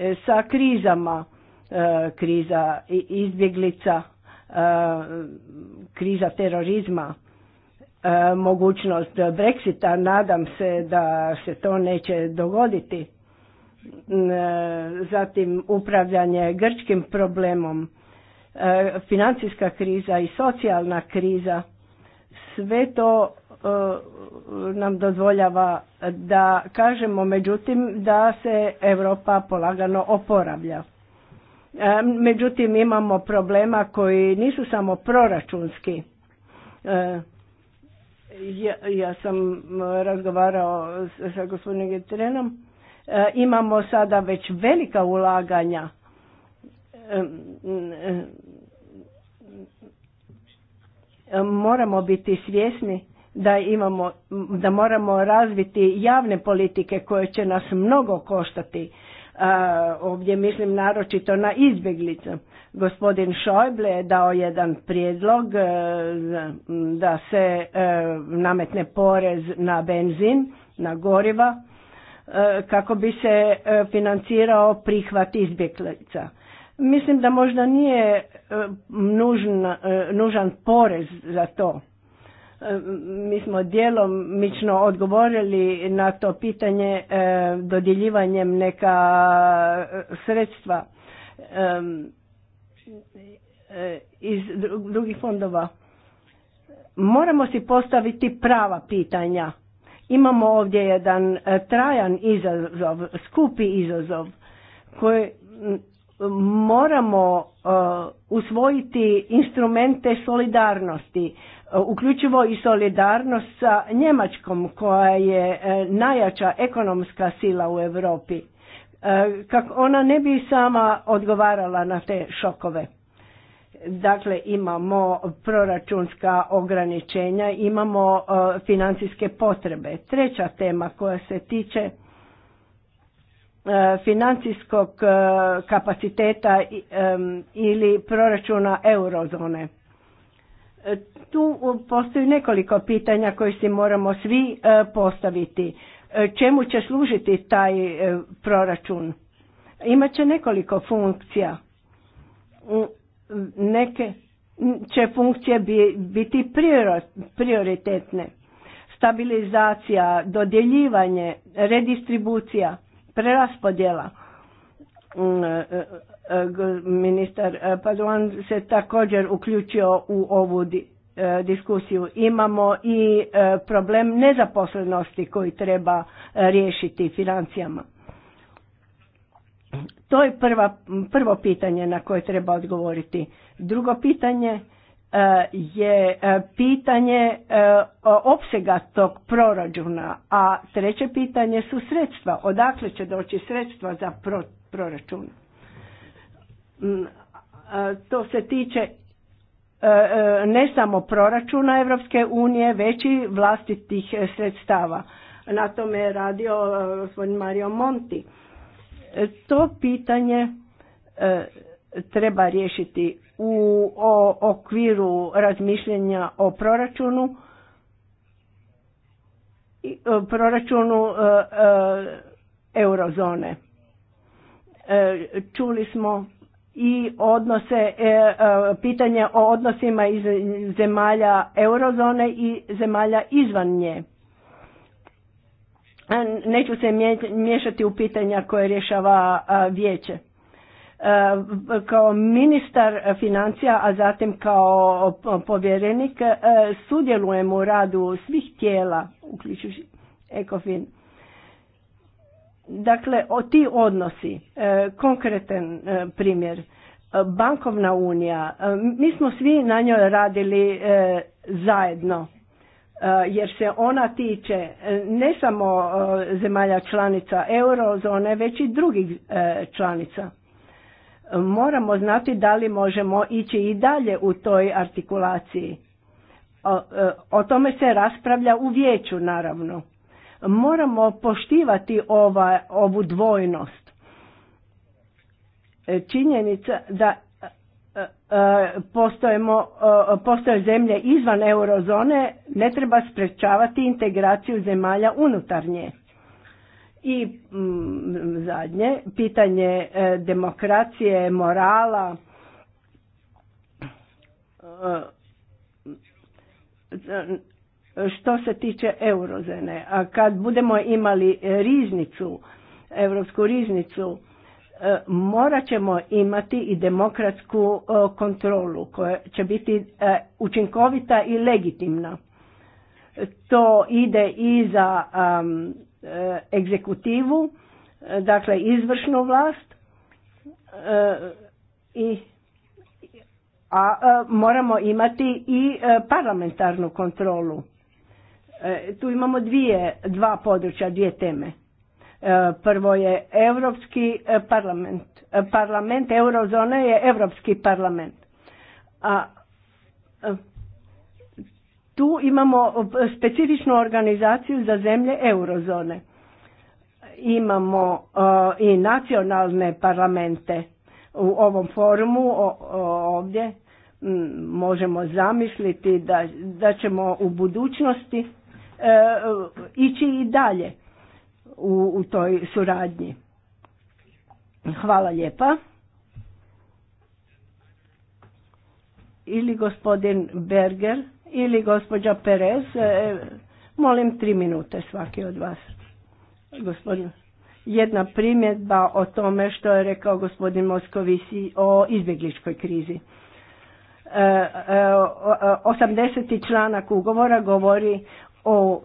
E, sa krizama, e, kriza izbjeglica, e, kriza terorizma, mogućnost Brexita, nadam se da se to neće dogoditi. Zatim upravljanje grčkim problemom, financijska kriza i socijalna kriza, sve to Eh, nam dozvoljava da kažemo, međutim da se Europa polagano oporavlja. Međutim, imamo problema koji nisu samo proračunski. Eh, ja, ja sam razgovarao sa gospodinom Getrenom. Eh, imamo sada već velika ulaganja moramo biti svjesni da imamo, da moramo razviti javne politike koje će nas mnogo koštati. E, ovdje mislim naročito na izbjeglice. Gospodin Šojble je dao jedan prijedlog e, da se e, nametne porez na benzin, na goriva, kako bi se financirao prihvat izbjeglica. Mislim da možda nije nužan porez za to mi smo djelomično odgovorili na to pitanje e, dodjeljivanjem neka e, sredstva e, iz drugih fondova. Moramo si postaviti prava pitanja. Imamo ovdje jedan trajan izazov, skupi izazov koji moramo usvojiti instrumente solidarnosti uključivo i solidarnost sa Njemačkom koja je e, najjača ekonomska sila u Europi e, kako ona ne bi sama odgovarala na te šokove. Dakle, imamo proračunska ograničenja, imamo e, financijske potrebe. Treća tema koja se tiče financijskog kapaciteta ili proračuna eurozone. Tu postoji nekoliko pitanja koje si moramo svi e, postaviti. E, čemu će služiti taj e, proračun? će nekoliko funkcija. Neke će funkcije biti prioritetne. Stabilizacija, dodjeljivanje, redistribucija, preraspodjela mm, E, ministar e, Padovan se također uključio u ovu e, diskusiju. Imamo i problem nezaposlenosti koji treba riješiti financijama. To je prva, prvo pitanje na koje treba odgovoriti. Drugo pitanje je pitanje opsega tog proračuna, a treće pitanje su sredstva. Odakle će doći sredstva za proračun? Mm, to se tiče e, e, ne samo proračuna Europske unije, već i vlastitih e, sredstava. Na tome je radio gospodin Mario Monti. To pitanje treba riješiti u okviru razmišljenja o proračunu proračunu eurozone. Čuli smo i odnose, e, e, pitanje o odnosima iz zemalja eurozone i zemalja izvan nje. E, neću se miješati u pitanja koje rješava vijeće. Kao ministar financija, a zatim kao povjerenik, sudjelujem u radu svih tijela, uključujući ECOFIN Dakle, o ti odnosi, e, konkretan e, primjer, e, bankovna unija, mi smo svi na njoj radili zajedno, jer se ona tiče ne samo zemalja članica eurozone, već i drugih članica. Moramo znati da li možemo ići i dalje u toj artikulaciji. O, o tome se raspravlja u vijeću, naravno. Moramo poštivati ova, ovu dvojnost. E, činjenica da e, e, postojemo, postoje zemlje izvan eurozone, ne treba sprečavati integraciju zemalja unutarnje. I mm, zadnje, pitanje demokracije, morala, što se tiče eurozene. A kad budemo imali riznicu, europsku riznicu, e, morat ćemo imati i demokratsku e, kontrolu koja će biti e, učinkovita i legitimna. To ide i za egzekutivu, dakle izvršnu vlast i a moramo imati i parlamentarnu kontrolu E, tu imamo dvije, dva područja, dvije teme. E, prvo je Europski e, parlament. Parlament Eurozone je Europski parlament. A tu imamo specifičnu organizaciju za zemlje Eurozone. Imamo i nacionalne parlamente u ovom forumu ovdje. Možemo zamisliti da, da ćemo u budućnosti E, ići i dalje u, u toj suradnji. Hvala lijepa. Ili gospodin Berger ili gospođa Perez. E, molim tri minute svaki od vas. Gospodin. Jedna primjedba o tome što je rekao gospodin Moskovisi o izbjegličkoj krizi. 80. E, članak ugovora govori o,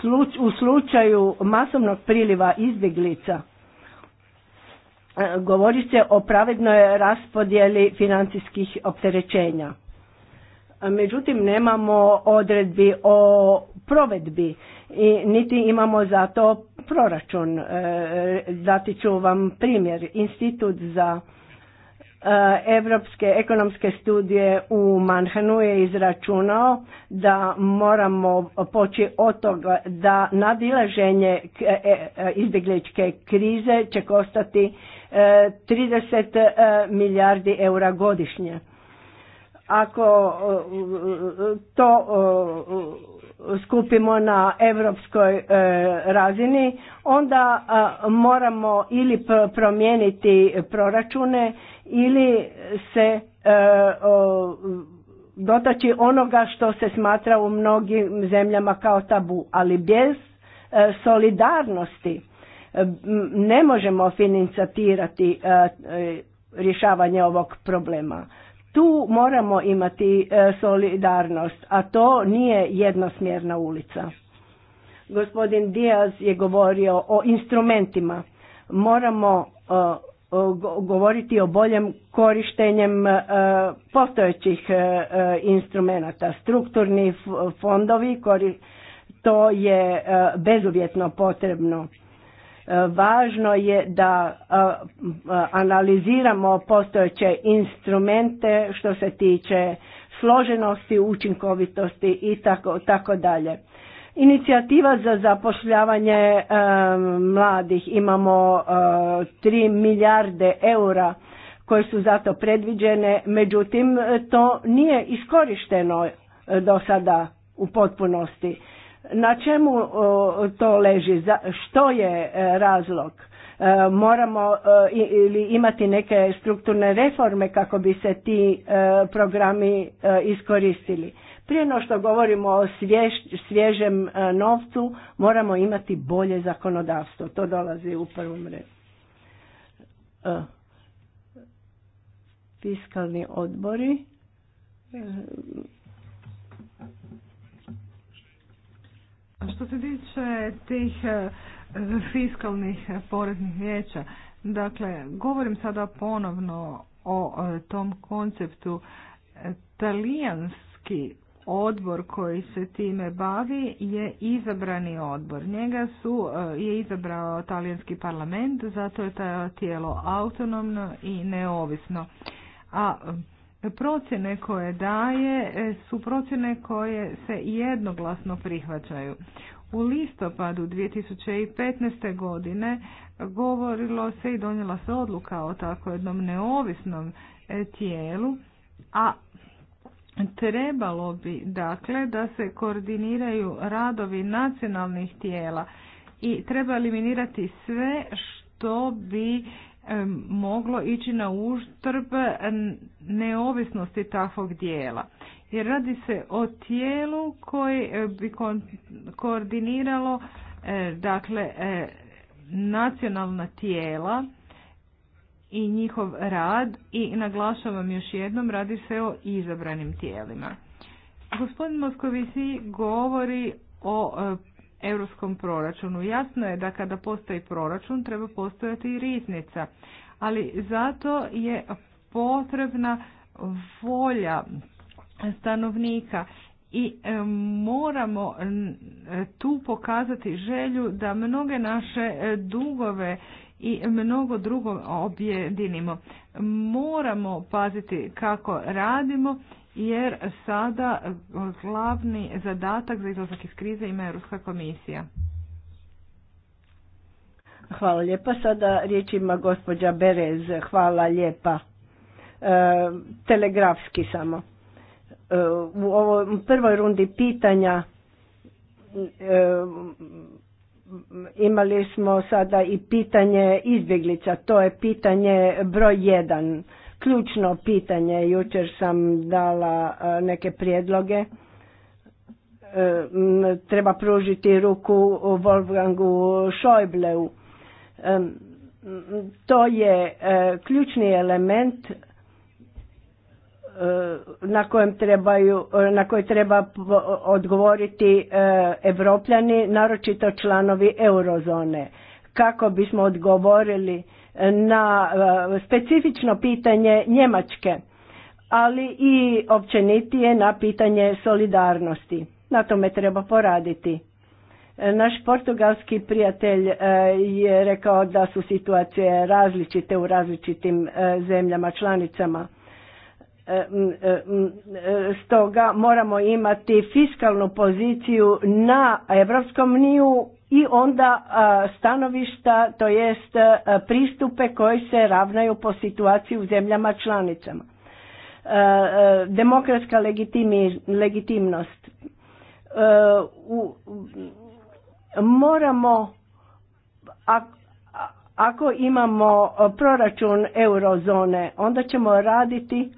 sluč, u slučaju masovnog priliva izbjeglica e, govori se o pravednoj raspodjeli financijskih opterećenja. Međutim, nemamo odredbi o provedbi i niti imamo za to proračun. E, e, dati ću vam primjer. Institut za Europske eh, ekonomske studije u Manhanu je izračunao da moramo poći od toga da nadilaženje e, e, izbjegličke krize će kostati 30 eh, eh, milijardi eura godišnje. Ako to skupimo na europskoj razini, onda moramo ili promijeniti proračune ili se e, o, dotaći onoga što se smatra u mnogim zemljama kao tabu, ali bez e, solidarnosti e, ne možemo financirati rješavanje ovog problema. Tu moramo imati solidarnost, a to nije jednosmjerna ulica. Gospodin Diaz je govorio o instrumentima. Moramo govoriti o boljem korištenjem e, postojećih e, e, instrumenata. Strukturni fondovi, to je bezuvjetno potrebno. Važno je da analiziramo postojeće instrumente što se tiče složenosti, učinkovitosti i tako, tako dalje. Inicijativa za zapošljavanje e, mladih imamo 3 e, milijarde eura koje su zato predviđene, međutim to nije iskorišteno e, do sada u potpunosti. Na čemu to leži? Što je razlog? Moramo ili imati neke strukturne reforme kako bi se ti programi iskoristili. Prije no što govorimo o svjež, svježem e, novcu, moramo imati bolje zakonodavstvo. To dolazi u prvom redu. E, fiskalni odbori. E, što se tiče tih fiskalnih poreznih vijeća, dakle, govorim sada ponovno o tom konceptu talijanski odbor koji se time bavi je izabrani odbor. Njega su, e, je izabrao talijanski parlament, zato je ta tijelo autonomno i neovisno. A e, procjene koje daje e, su procjene koje se jednoglasno prihvaćaju. U listopadu 2015. godine govorilo se i donijela se odluka o tako jednom neovisnom tijelu, a Trebalo bi dakle da se koordiniraju radovi nacionalnih tijela i treba eliminirati sve što bi moglo ići na uštrb neovisnosti takvog dijela. Jer radi se o tijelu koje bi koordiniralo e, dakle e, nacionalna tijela i njihov rad i naglašavam još jednom radi se o izabranim tijelima. Gospodin Moskovici govori o e, europskom proračunu. Jasno je da kada postoji proračun treba postojati i riznica, ali zato je potrebna volja stanovnika i e, moramo tu pokazati želju da mnoge naše e, dugove i mnogo drugo objedinimo. Moramo paziti kako radimo jer sada glavni zadatak za izlazak iz krize ima Europska komisija. Hvala lijepa. Sada riječ ima gospođa Berez. Hvala lijepa. E, telegrafski samo. E, u ovoj prvoj rundi pitanja e, imali smo sada i pitanje izbjeglica, to je pitanje broj jedan. Ključno pitanje, jučer sam dala e, neke prijedloge, e, treba pružiti ruku Wolfgangu Schäubleu. E, to je ključni element Eh, na kojem trebaju, eh, na koje treba odgovoriti eh, Evropljani, naročito članovi eurozone, kako bismo odgovorili na specifično pitanje Njemačke, ali i općenitije na pitanje solidarnosti. Na tome treba poraditi. Naš portugalski prijatelj je rekao da su situacije različite u različitim zemljama članicama E, e, e, stoga moramo imati fiskalnu poziciju na Europskom niju i onda stanovišta, to jest pristupe koji se ravnaju po situaciji u zemljama članicama. Demokratska legitimnost. Moramo, ako imamo proračun eurozone, onda ćemo raditi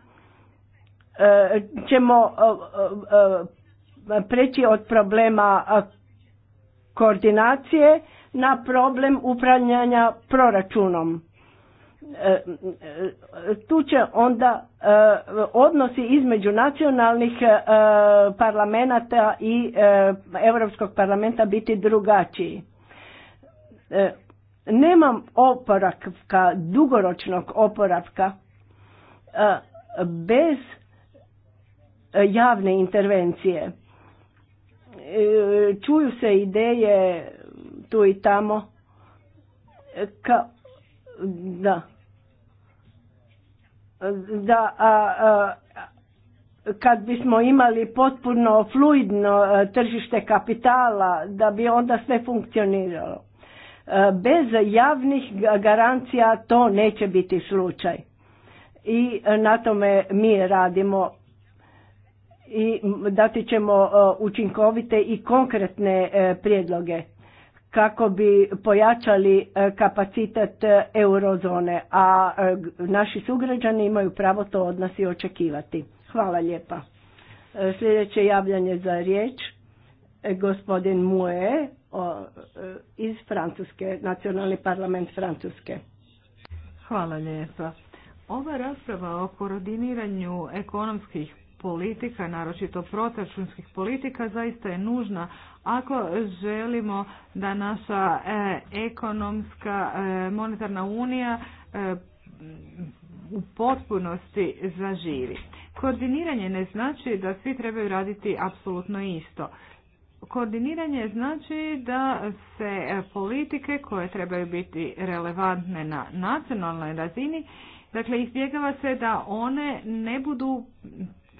E, ćemo e, e, preći od problema koordinacije na problem upravljanja proračunom. Tu će onda odnosi između nacionalnih parlamenta i Europskog parlamenta biti drugačiji. Nemam oporavka, dugoročnog oporavka bez javne intervencije. E, čuju se ideje tu i tamo ka, da da a, a, kad bismo imali potpuno fluidno e, tržište kapitala da bi onda sve funkcioniralo. E, bez javnih garancija to neće biti slučaj. I na tome mi radimo i dati ćemo e, učinkovite i konkretne e, prijedloge kako bi pojačali e, kapacitet eurozone, a naši sugrađani imaju pravo to od nas i očekivati. Hvala lijepa. Sljedeće javljanje za riječ, gospodin Mue iz Francuske, nacionalni parlament Francuske. Hvala lijepa. Ova rasprava o koordiniranju ekonomskih politika, naročito protračunskih politika, zaista je nužna ako želimo da naša e, ekonomska e, monetarna unija e, u potpunosti zaživi. Koordiniranje ne znači da svi trebaju raditi apsolutno isto. Koordiniranje znači da se politike koje trebaju biti relevantne na nacionalnoj razini, dakle izbjegava se da one ne budu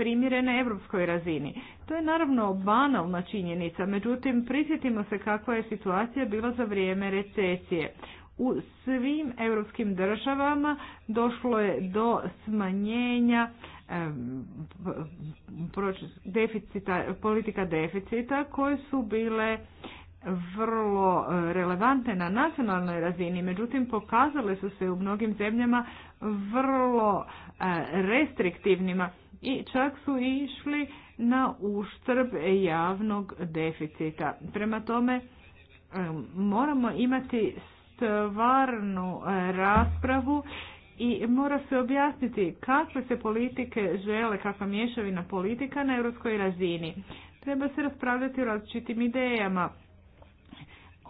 primjerene europskoj razini. To je naravno banalna činjenica, međutim prisjetimo se kakva je situacija bila za vrijeme recesije. U svim europskim državama došlo je do smanjenja deficita, politika deficita koje su bile vrlo e, relevante na nacionalnoj razini, međutim pokazale su se u mnogim zemljama vrlo e, restriktivnima i čak su išli na uštrb javnog deficita. Prema tome moramo imati stvarnu raspravu i mora se objasniti kakve se politike žele, kakva mješavina politika na europskoj razini. Treba se raspravljati o različitim idejama,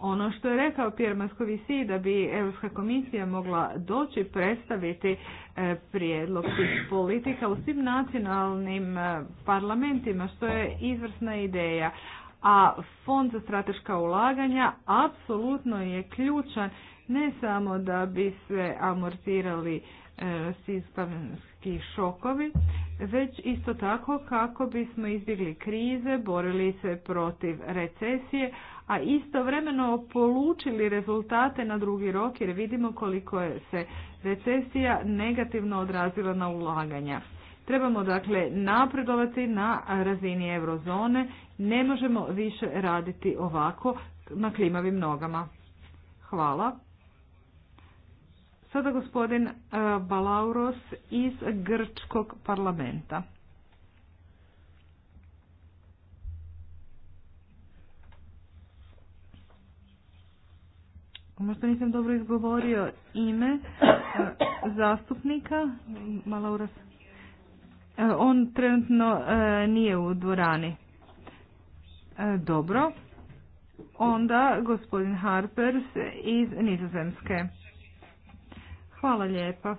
ono što je rekao Pierre Moscovici da bi Europska komisija mogla doći predstaviti e, prijedlog tih politika u svim nacionalnim e, parlamentima, što je izvrsna ideja. A fond za strateška ulaganja apsolutno je ključan ne samo da bi se amortirali e, i šokovi, već isto tako kako bismo izbjegli krize, borili se protiv recesije, a istovremeno polučili rezultate na drugi rok jer vidimo koliko je se recesija negativno odrazila na ulaganja. Trebamo dakle napredovati na razini eurozone, ne možemo više raditi ovako na klimavim nogama. Hvala. Sada gospodin e, Balauros iz Grčkog parlamenta. Možda nisam dobro izgovorio ime e, zastupnika Balauros. E, on trenutno nije u dvorani. Dobro. Onda gospodin Harpers iz Nizozemske. Hvala lijepa.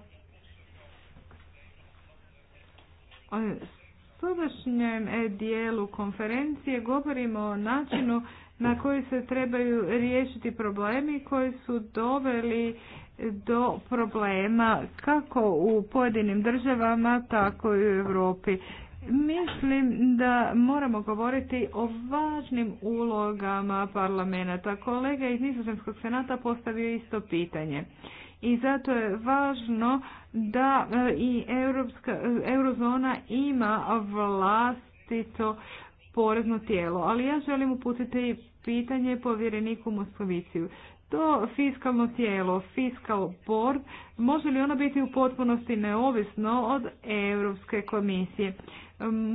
Sadašnjem dijelu konferencije govorimo o načinu na koji se trebaju riješiti problemi koji su doveli do problema kako u pojedinim državama, tako i u Europi. Mislim da moramo govoriti o važnim ulogama parlamenta. Kolega iz Nizozemskog senata postavio isto pitanje i zato je važno da e, i Europska, e, Eurozona ima vlastito porezno tijelo. Ali ja želim uputiti pitanje povjereniku Moskoviciju. To fiskalno tijelo, fiskal board, može li ono biti u potpunosti neovisno od Europske komisije?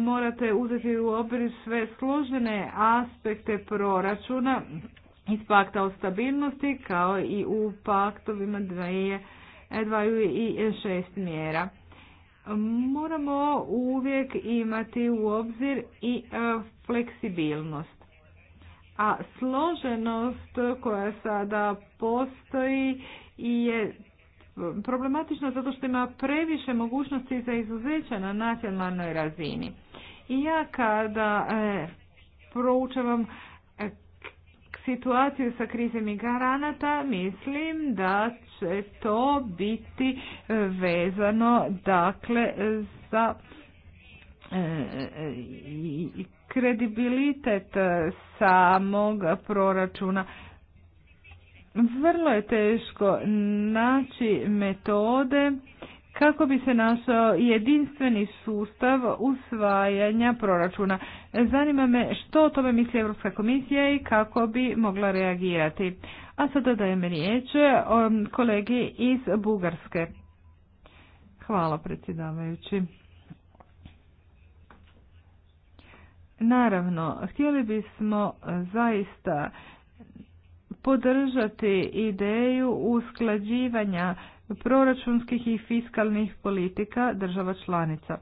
Morate uzeti u obzir sve složene aspekte proračuna iz pakta o stabilnosti kao i u paktovima dvije, e, dvaju i šest mjera. Moramo uvijek imati u obzir i e, fleksibilnost. A složenost koja sada postoji je problematična zato što ima previše mogućnosti za izuzeća na nacionalnoj razini. I ja kada e, proučavam situaciju sa krizom igaranata, mislim da će to biti e, vezano dakle za e, kredibilitet e, samog proračuna. Vrlo je teško naći metode kako bi se našao jedinstveni sustav usvajanja proračuna. Zanima me što o tome misli Europska komisija i kako bi mogla reagirati. A sada dajem riječ um, kolegi iz Bugarske. Hvala predsjedavajući. Naravno, htjeli bismo zaista podržati ideju usklađivanja proračunskih i fiskalnih politika država članica.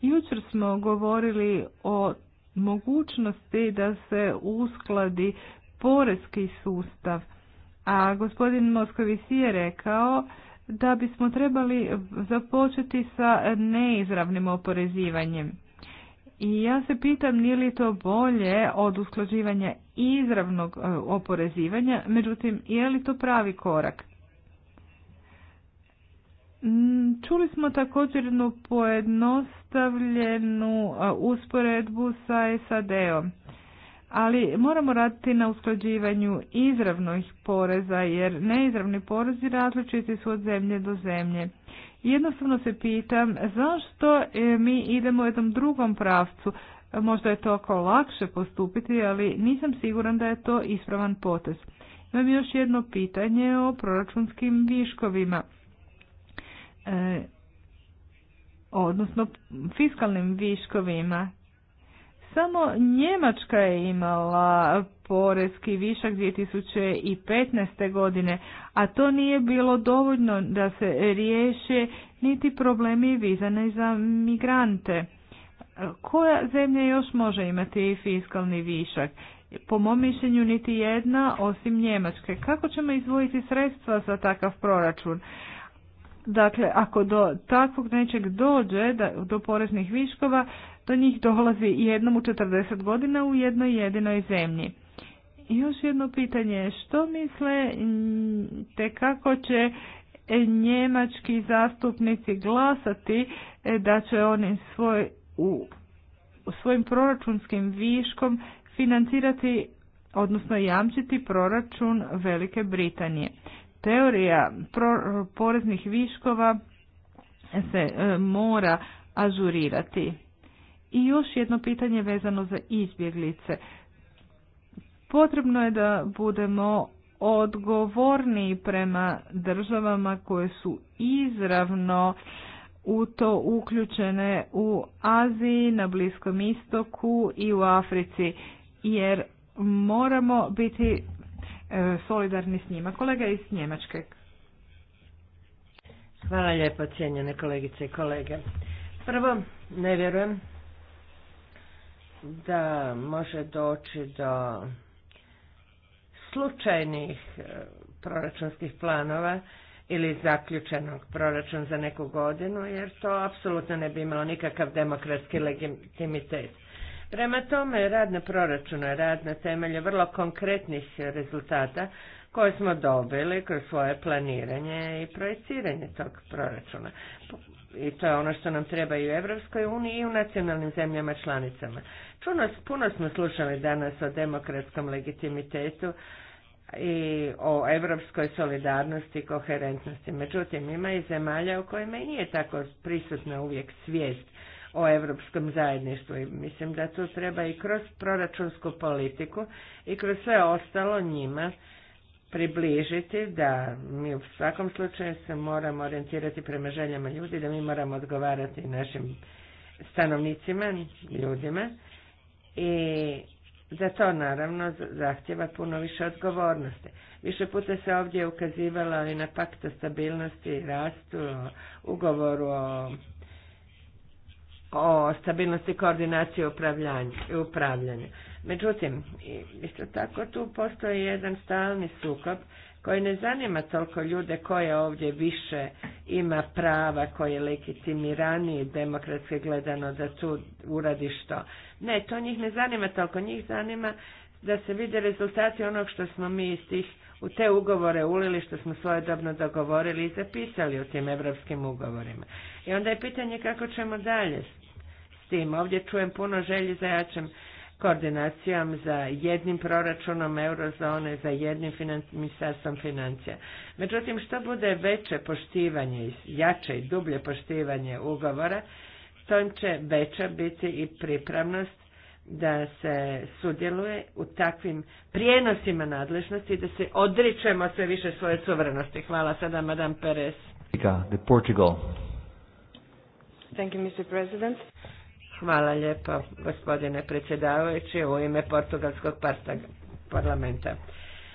Jučer smo govorili o mogućnosti da se uskladi porezki sustav, a gospodin Moskovis je rekao da bismo trebali započeti sa neizravnim oporezivanjem. I ja se pitam nije li to bolje od usklađivanja izravnog e, oporezivanja, međutim je li to pravi korak? Mm, čuli smo također jednu pojednostavljenu usporedbu sa SAD-om, ali moramo raditi na usklađivanju izravnih poreza jer neizravni porezi različiti su od zemlje do zemlje. Jednostavno se pitam zašto e, mi idemo u jednom drugom pravcu. Možda je to oko lakše postupiti, ali nisam siguran da je to ispravan potez. Imam još jedno pitanje o proračunskim viškovima. E, odnosno fiskalnim viškovima. Samo Njemačka je imala porezki višak 2015. godine, a to nije bilo dovoljno da se riješe niti problemi vizane za migrante. E, koja zemlja još može imati fiskalni višak? Po mom mišljenju niti jedna osim Njemačke. Kako ćemo izvojiti sredstva za takav proračun? Dakle, ako do takvog nečeg dođe, da, do poreznih viškova, do njih dolazi jednom u 40 godina u jednoj jedinoj zemlji. I još jedno pitanje, što misle mm, te kako će e, njemački zastupnici glasati e, da će oni svoj, u, svojim proračunskim viškom financirati odnosno jamčiti proračun Velike Britanije teorija poreznih viškova se e, mora ažurirati. I još jedno pitanje vezano za izbjeglice. Potrebno je da budemo odgovorni prema državama koje su izravno u to uključene u Aziji, na Bliskom istoku i u Africi, jer moramo biti E, solidarni s njima. Kolega iz Njemačke. Hvala lijepo, cijenjene kolegice i kolege. Prvo, ne vjerujem da može doći do slučajnih e, proračunskih planova ili zaključenog proračuna za neku godinu, jer to apsolutno ne bi imalo nikakav demokratski legitimitet. Prema tome, rad na proračunu je rad na temelju vrlo konkretnih rezultata koje smo dobili kroz svoje planiranje i projeciranje tog proračuna. I to je ono što nam treba i u Evropskoj uniji i u nacionalnim zemljama članicama. Puno, smo slušali danas o demokratskom legitimitetu i o evropskoj solidarnosti i koherentnosti. Međutim, ima i zemalja u kojima nije tako prisutna uvijek svijest o europskom zajedništvu i mislim da to treba i kroz proračunsku politiku i kroz sve ostalo njima približiti da mi u svakom slučaju se moramo orijentirati prema željama ljudi, da mi moramo odgovarati našim stanovnicima, ljudima i za to naravno zahtjeva puno više odgovornosti. Više puta se ovdje ukazivala i na pakta stabilnosti, rastu, ugovoru o o stabilnosti koordinacije i upravljanja. Međutim, isto tako tu postoji jedan stalni sukob koji ne zanima toliko ljude koje ovdje više ima prava, koji je legitimiraniji demokratski gledano da tu uradi što. Ne, to njih ne zanima toliko, njih zanima da se vide rezultati onog što smo mi iz tih, u te ugovore ulili, što smo svojedobno dogovorili i zapisali u tim evropskim ugovorima. I onda je pitanje kako ćemo dalje tim. Ovdje čujem puno želji za jačem koordinacijom za jednim proračunom eurozone, za jednim ministarstvom financija. Međutim, što bude veće poštivanje, jače i dublje poštivanje ugovora, to im će veća biti i pripravnost da se sudjeluje u takvim prijenosima nadležnosti, i da se odričemo sve više svoje suverenosti. Hvala sada, Madame Perez. Hvala, Portugal. Thank Mr. President. Hvala lijepo, gospodine predsjedavajući, u ime Portugalskog parlamenta.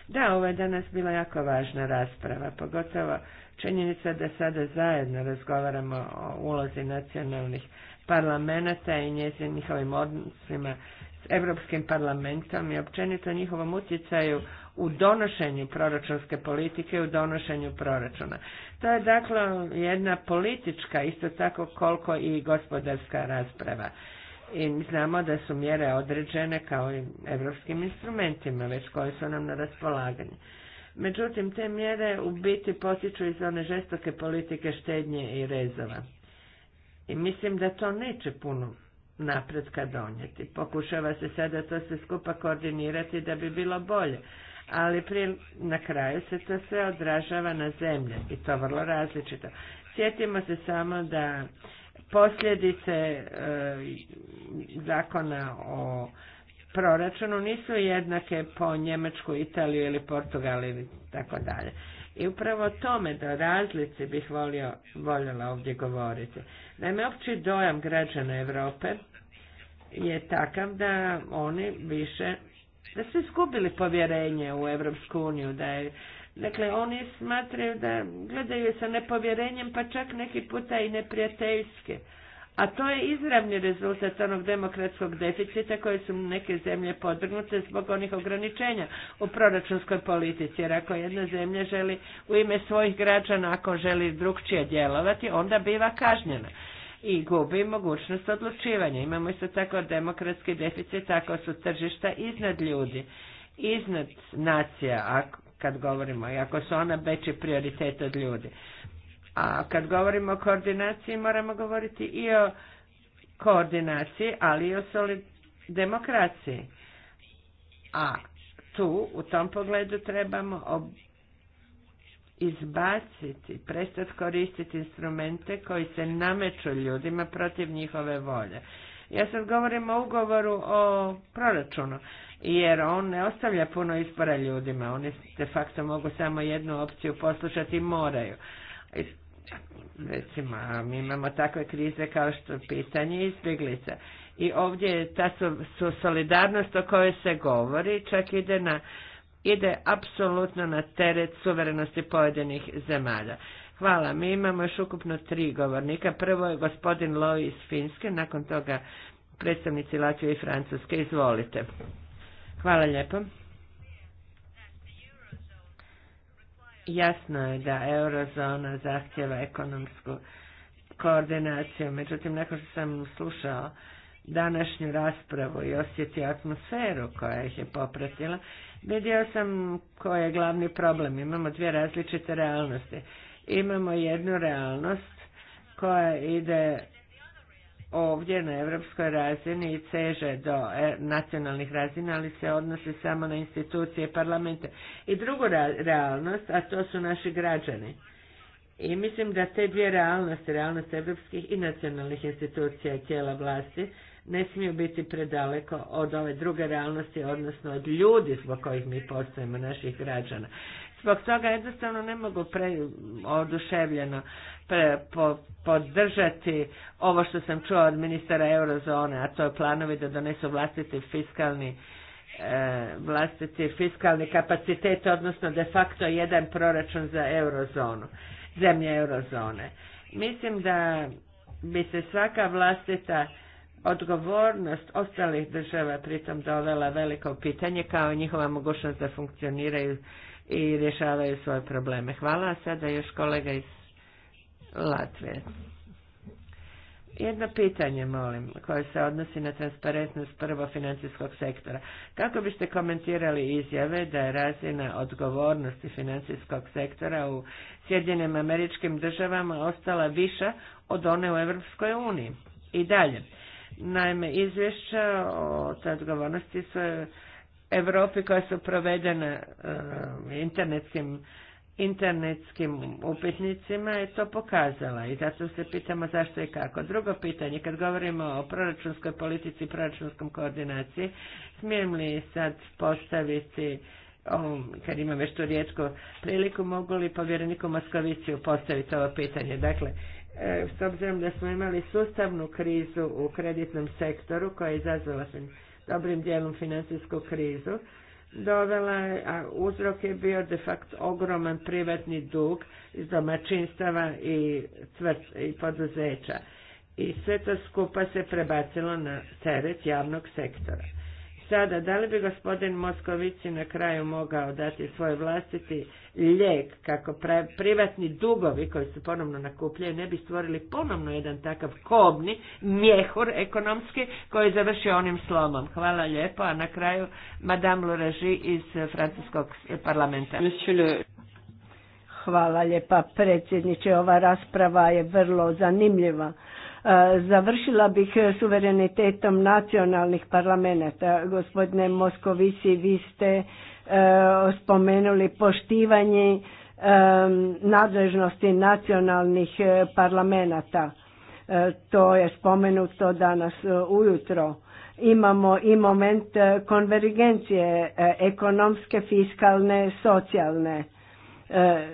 Da, ovo je danas bila jako važna rasprava, pogotovo činjenica da sada zajedno razgovaramo o ulozi nacionalnih parlamenta i njezin njihovim odnosima s Europskim parlamentom i općenito njihovom utjecaju u donošenju proračunske politike, u donošenju proračuna. To je dakle jedna politička, isto tako koliko i gospodarska rasprava. I znamo da su mjere određene kao i evropskim instrumentima, već koje su nam na raspolaganju. Međutim, te mjere u biti potiču iz one žestoke politike štednje i rezova. I mislim da to neće puno napretka donijeti. Pokušava se sada to sve skupa koordinirati da bi bilo bolje ali prije, na kraju se to sve odražava na zemlje i to vrlo različito. Sjetimo se samo da posljedice e, zakona o proračunu nisu jednake po Njemačku, Italiju ili Portugaliju ili tako dalje. I upravo tome da razlici bih volio, voljela ovdje govoriti. Naime, opći dojam građana Europe je takav da oni više da su izgubili povjerenje u Evropsku uniju, da je Dakle, oni smatraju da gledaju sa nepovjerenjem, pa čak neki puta i neprijateljske. A to je izravni rezultat onog demokratskog deficita koje su neke zemlje podrgnute zbog onih ograničenja u proračunskoj politici. Jer ako jedna zemlja želi u ime svojih građana, ako želi drugčije djelovati, onda biva kažnjena i gubi mogućnost odlučivanja. Imamo isto tako demokratski deficit ako su tržišta iznad ljudi, iznad nacija, ako, kad govorimo, i ako su ona veći prioritet od ljudi. A kad govorimo o koordinaciji, moramo govoriti i o koordinaciji, ali i o solid demokraciji. A tu, u tom pogledu, trebamo ob izbaciti, prestati koristiti instrumente koji se nameću ljudima protiv njihove volje. Ja sad govorim o ugovoru o proračunu, jer on ne ostavlja puno izbora ljudima, oni de facto mogu samo jednu opciju poslušati i moraju. Recimo, mi imamo takve krize kao što pitanje izbjeglica. I ovdje je ta su, su solidarnost o kojoj se govori, čak ide na ide apsolutno na teret suverenosti pojedinih zemalja. Hvala, mi imamo još ukupno tri govornika. Prvo je gospodin Loj iz Finske, nakon toga predstavnici Latvije i Francuske. Izvolite. Hvala lijepo. Jasno je da eurozona zahtjeva ekonomsku koordinaciju, međutim, nakon što sam slušao današnju raspravu i osjetio atmosferu koja ih je popratila, Vidio sam koji je glavni problem. Imamo dvije različite realnosti. Imamo jednu realnost koja ide ovdje na europskoj razini i ceže do e, nacionalnih razina, ali se odnosi samo na institucije parlamenta. parlamente. I drugu realnost, a to su naši građani. I mislim da te dvije realnosti, realnost europskih i nacionalnih institucija tijela vlasti, ne smiju biti predaleko od ove druge realnosti, odnosno od ljudi zbog kojih mi postojimo, naših građana. Zbog toga jednostavno ne mogu pre, oduševljeno podržati ovo što sam čuo od ministara Eurozone, a to je planovi da donesu vlastiti fiskalni e, vlastiti fiskalni kapacitet, odnosno de facto jedan proračun za eurozonu, zemlje eurozone. Mislim da bi se svaka vlastita odgovornost ostalih država pritom dovela veliko pitanje kao njihova mogućnost da funkcioniraju i rješavaju svoje probleme. Hvala, a sada još kolega iz Latvije. Jedno pitanje, molim, koje se odnosi na transparentnost prvo financijskog sektora. Kako biste komentirali izjave da je razina odgovornosti financijskog sektora u Sjedinjenim američkim državama ostala viša od one u Evropskoj uniji? I dalje, Naime, izvješća o odgovornosti su Europi koja su provedena um, internetskim internetskim upitnicima je to pokazala i zato se pitamo zašto i kako. Drugo pitanje, kad govorimo o proračunskoj politici i proračunskom koordinaciji, smijem li sad postaviti, um, kad imam već tu rijetku priliku, mogu li povjereniku Moskoviciju postaviti ovo pitanje? Dakle, E, s obzirom da smo imali sustavnu krizu u kreditnom sektoru koja je izazvala dobrim dijelom financijsku krizu, dovela je, a uzrok je bio de facto ogroman privatni dug iz domaćinstava i, i poduzeća. I sve to skupa se prebacilo na teret javnog sektora. Sada, da li bi gospodin Moskovici na kraju mogao dati svoj vlastiti lijek kako privatni dugovi koji se ponovno nakupljaju ne bi stvorili ponovno jedan takav kobni mjehur ekonomski koji je završio onim slomom. Hvala lijepo, a na kraju Madame Loraži iz Francuskog parlamenta. Hvala lijepa predsjedniče, ova rasprava je vrlo zanimljiva Završila bih suverenitetom nacionalnih parlamenta. Gospodine Moskovici, vi ste e, spomenuli poštivanje e, nadležnosti nacionalnih e, parlamenta. To je spomenuto danas ujutro. Imamo i moment konvergencije ekonomske, fiskalne, socijalne E,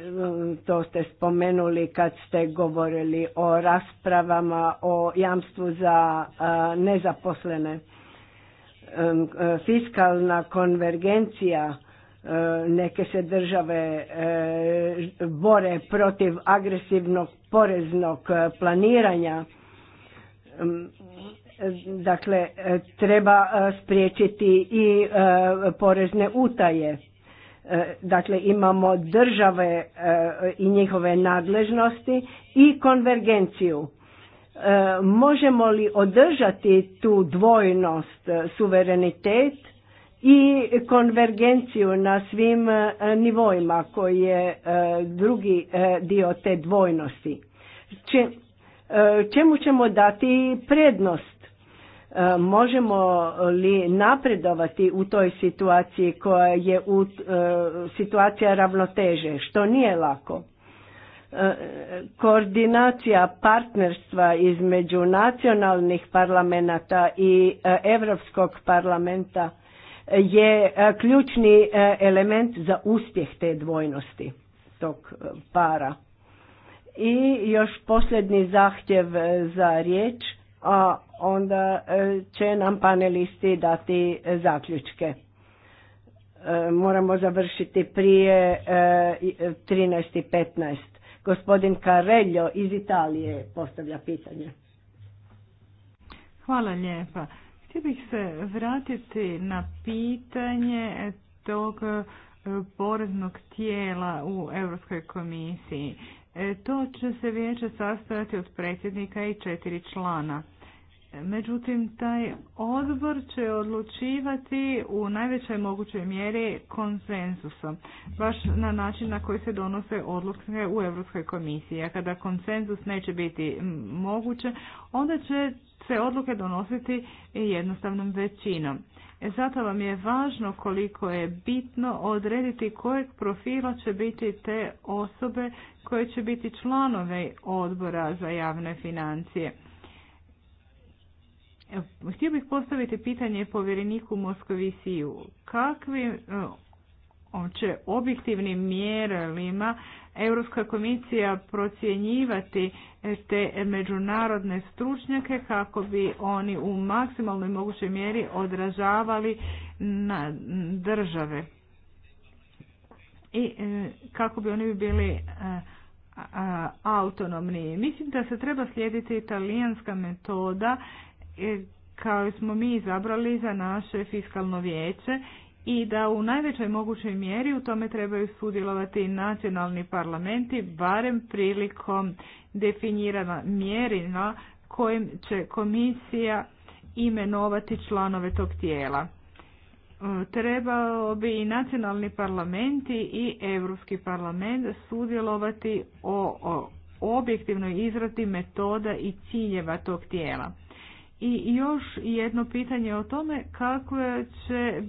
to ste spomenuli kad ste govorili o raspravama o jamstvu za e, nezaposlene. E, fiskalna konvergencija neke se države bore protiv agresivnog poreznog planiranja. Dakle, treba spriječiti i porezne utaje E, dakle, imamo države e, i njihove nadležnosti i konvergenciju. E, možemo li održati tu dvojnost, suverenitet i konvergenciju na svim nivoima koji je drugi dio te dvojnosti? Čemu ćemo dati prednost? E, možemo li napredovati u toj situaciji koja je e, situacija ravnoteže, što nije lako. E, koordinacija partnerstva između nacionalnih parlamenta i Europskog parlamenta je ključni element za uspjeh te dvojnosti tog para. I još posljednji zahtjev za riječ a onda e, će nam panelisti dati e, zaključke. E, moramo završiti prije 13.15. Gospodin Carello iz Italije postavlja pitanje. Hvala lijepa. Htio bih se vratiti na pitanje tog poreznog tijela u Europskoj komisiji. E, to će se vijeće sastojati od predsjednika i četiri člana. Međutim, taj odbor će odlučivati u najvećoj mogućoj mjeri konsenzusom, baš na način na koji se donose odluke u Europskoj komisiji. A kada konsenzus neće biti moguće, onda će se odluke donositi jednostavnom većinom. Zato vam je važno koliko je bitno odrediti kojeg profila će biti te osobe koje će biti članove odbora za javne financije. Htio bih postaviti pitanje povjereniku Moskovisiju. Kakvi će objektivnim mjerilima Europska komisija procjenjivati te međunarodne stručnjake kako bi oni u maksimalnoj mogućoj mjeri odražavali na države i e, kako bi oni bili e, autonomni. Mislim da se treba slijediti italijanska metoda e, kao smo mi izabrali za naše fiskalno vijeće i da u najvećoj mogućoj mjeri u tome trebaju sudjelovati nacionalni parlamenti, barem prilikom definirana mjerina kojim će komisija imenovati članove tog tijela. E, trebao bi i nacionalni parlamenti i Europski parlament sudjelovati o, o objektivnoj izradi metoda i ciljeva tog tijela. I još jedno pitanje o tome kako će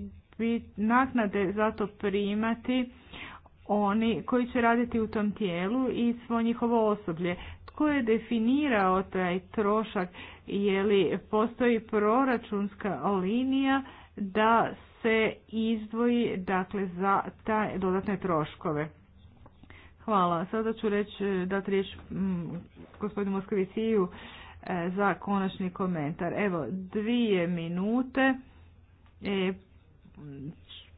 naknade za to primati oni koji će raditi u tom tijelu i svo njihovo osoblje. Tko je definirao taj trošak? Je li postoji proračunska linija da se izdvoji dakle, za te dodatne troškove? Hvala. Sada ću reći, e, dati riječ mm, gospodinu Moskviciju e, za konačni komentar. Evo, dvije minute. E,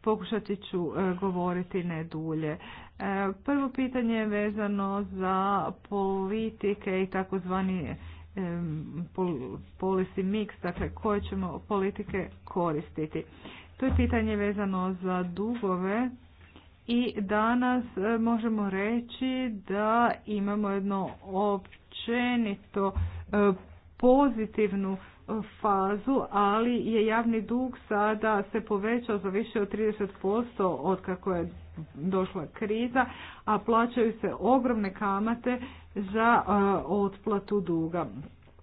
pokušati ću e, govoriti ne dulje. E, prvo pitanje je vezano za politike i takozvani e, policy mix, dakle koje ćemo politike koristiti. To je pitanje vezano za dugove i danas možemo reći da imamo jedno općenito pozitivnu fazu, ali je javni dug sada se povećao za više od 30% od kako je došla kriza, a plaćaju se ogromne kamate za e, otplatu duga.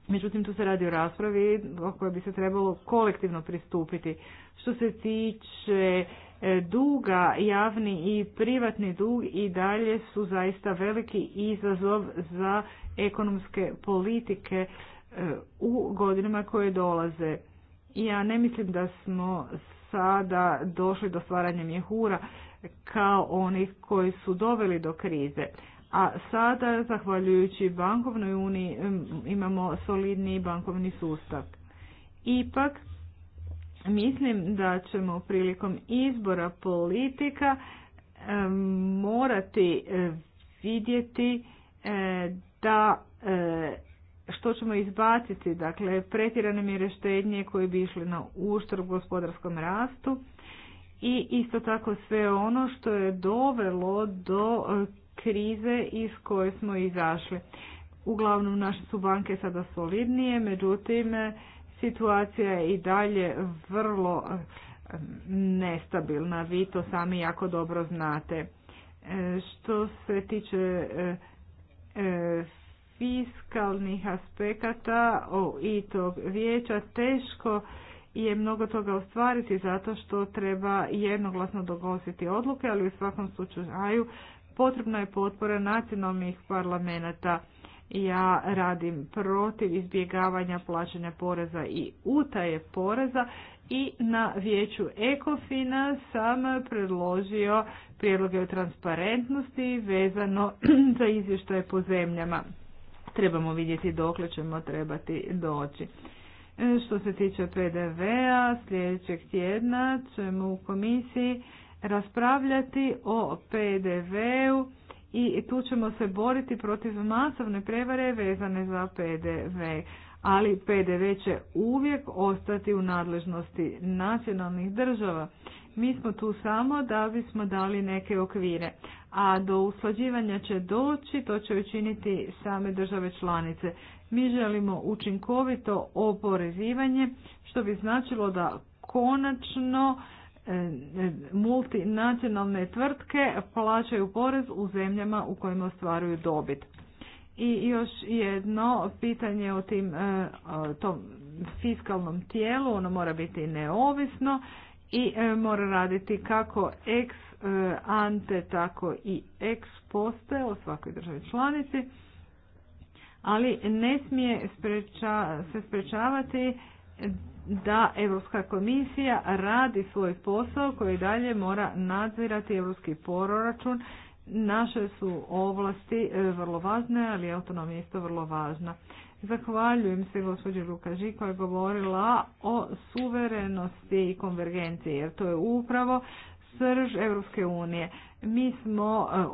Međutim, tu se radi o raspravi o kojoj bi se trebalo kolektivno pristupiti. Što se tiče e, duga, javni i privatni dug i dalje su zaista veliki izazov za ekonomske politike E, u godinama koje dolaze. Ja ne mislim da smo sada došli do stvaranja mjehura kao onih koji su doveli do krize. A sada, zahvaljujući bankovnoj uniji, imamo solidni bankovni sustav. Ipak, mislim da ćemo prilikom izbora politika morati e, vidjeti e, da što ćemo izbaciti, dakle pretjerane mjere štednje koje bi išle na uštrb gospodarskom rastu i isto tako sve ono što je dovelo do e, krize iz koje smo izašli. Uglavnom naše su banke sada solidnije, međutim situacija je i dalje vrlo e, nestabilna, vi to sami jako dobro znate. E, što se tiče fiskalnih aspekata i tog vijeća teško je mnogo toga ostvariti zato što treba jednoglasno dogositi odluke, ali u svakom slučaju potrebna je potpora nacionalnih parlamenta. Ja radim protiv izbjegavanja plaćanja poreza i utaje poreza i na vijeću Ekofina sam predložio prijedloge o transparentnosti vezano (clears throat) za izvještaje po zemljama. Trebamo vidjeti dokle ćemo trebati doći. E, što se tiče PDV-a, sljedećeg tjedna ćemo u komisiji raspravljati o PDV-u i tu ćemo se boriti protiv masovne prevare vezane za PDV. Ali PDV će uvijek ostati u nadležnosti nacionalnih država mi smo tu samo da bismo dali neke okvire, a do usklađivanja će doći, to će učiniti same države članice. Mi želimo učinkovito oporezivanje, što bi značilo da konačno e, e, multinacionalne tvrtke plaćaju porez u zemljama u kojima ostvaruju dobit. I još jedno pitanje o tim, e, tom fiskalnom tijelu, ono mora biti neovisno i e, mora raditi kako ex e, ante, tako i ex poste u svakoj državi članici, ali ne smije spreča, se sprečavati da Europska komisija radi svoj posao koji dalje mora nadzirati europski proračun. Naše su ovlasti e, vrlo važne, ali autonomija je isto vrlo važna. Zahvaljujem se gospođi Lukaži koja je govorila o suverenosti i konvergenciji, jer to je upravo srž Europske unije. Mi smo e,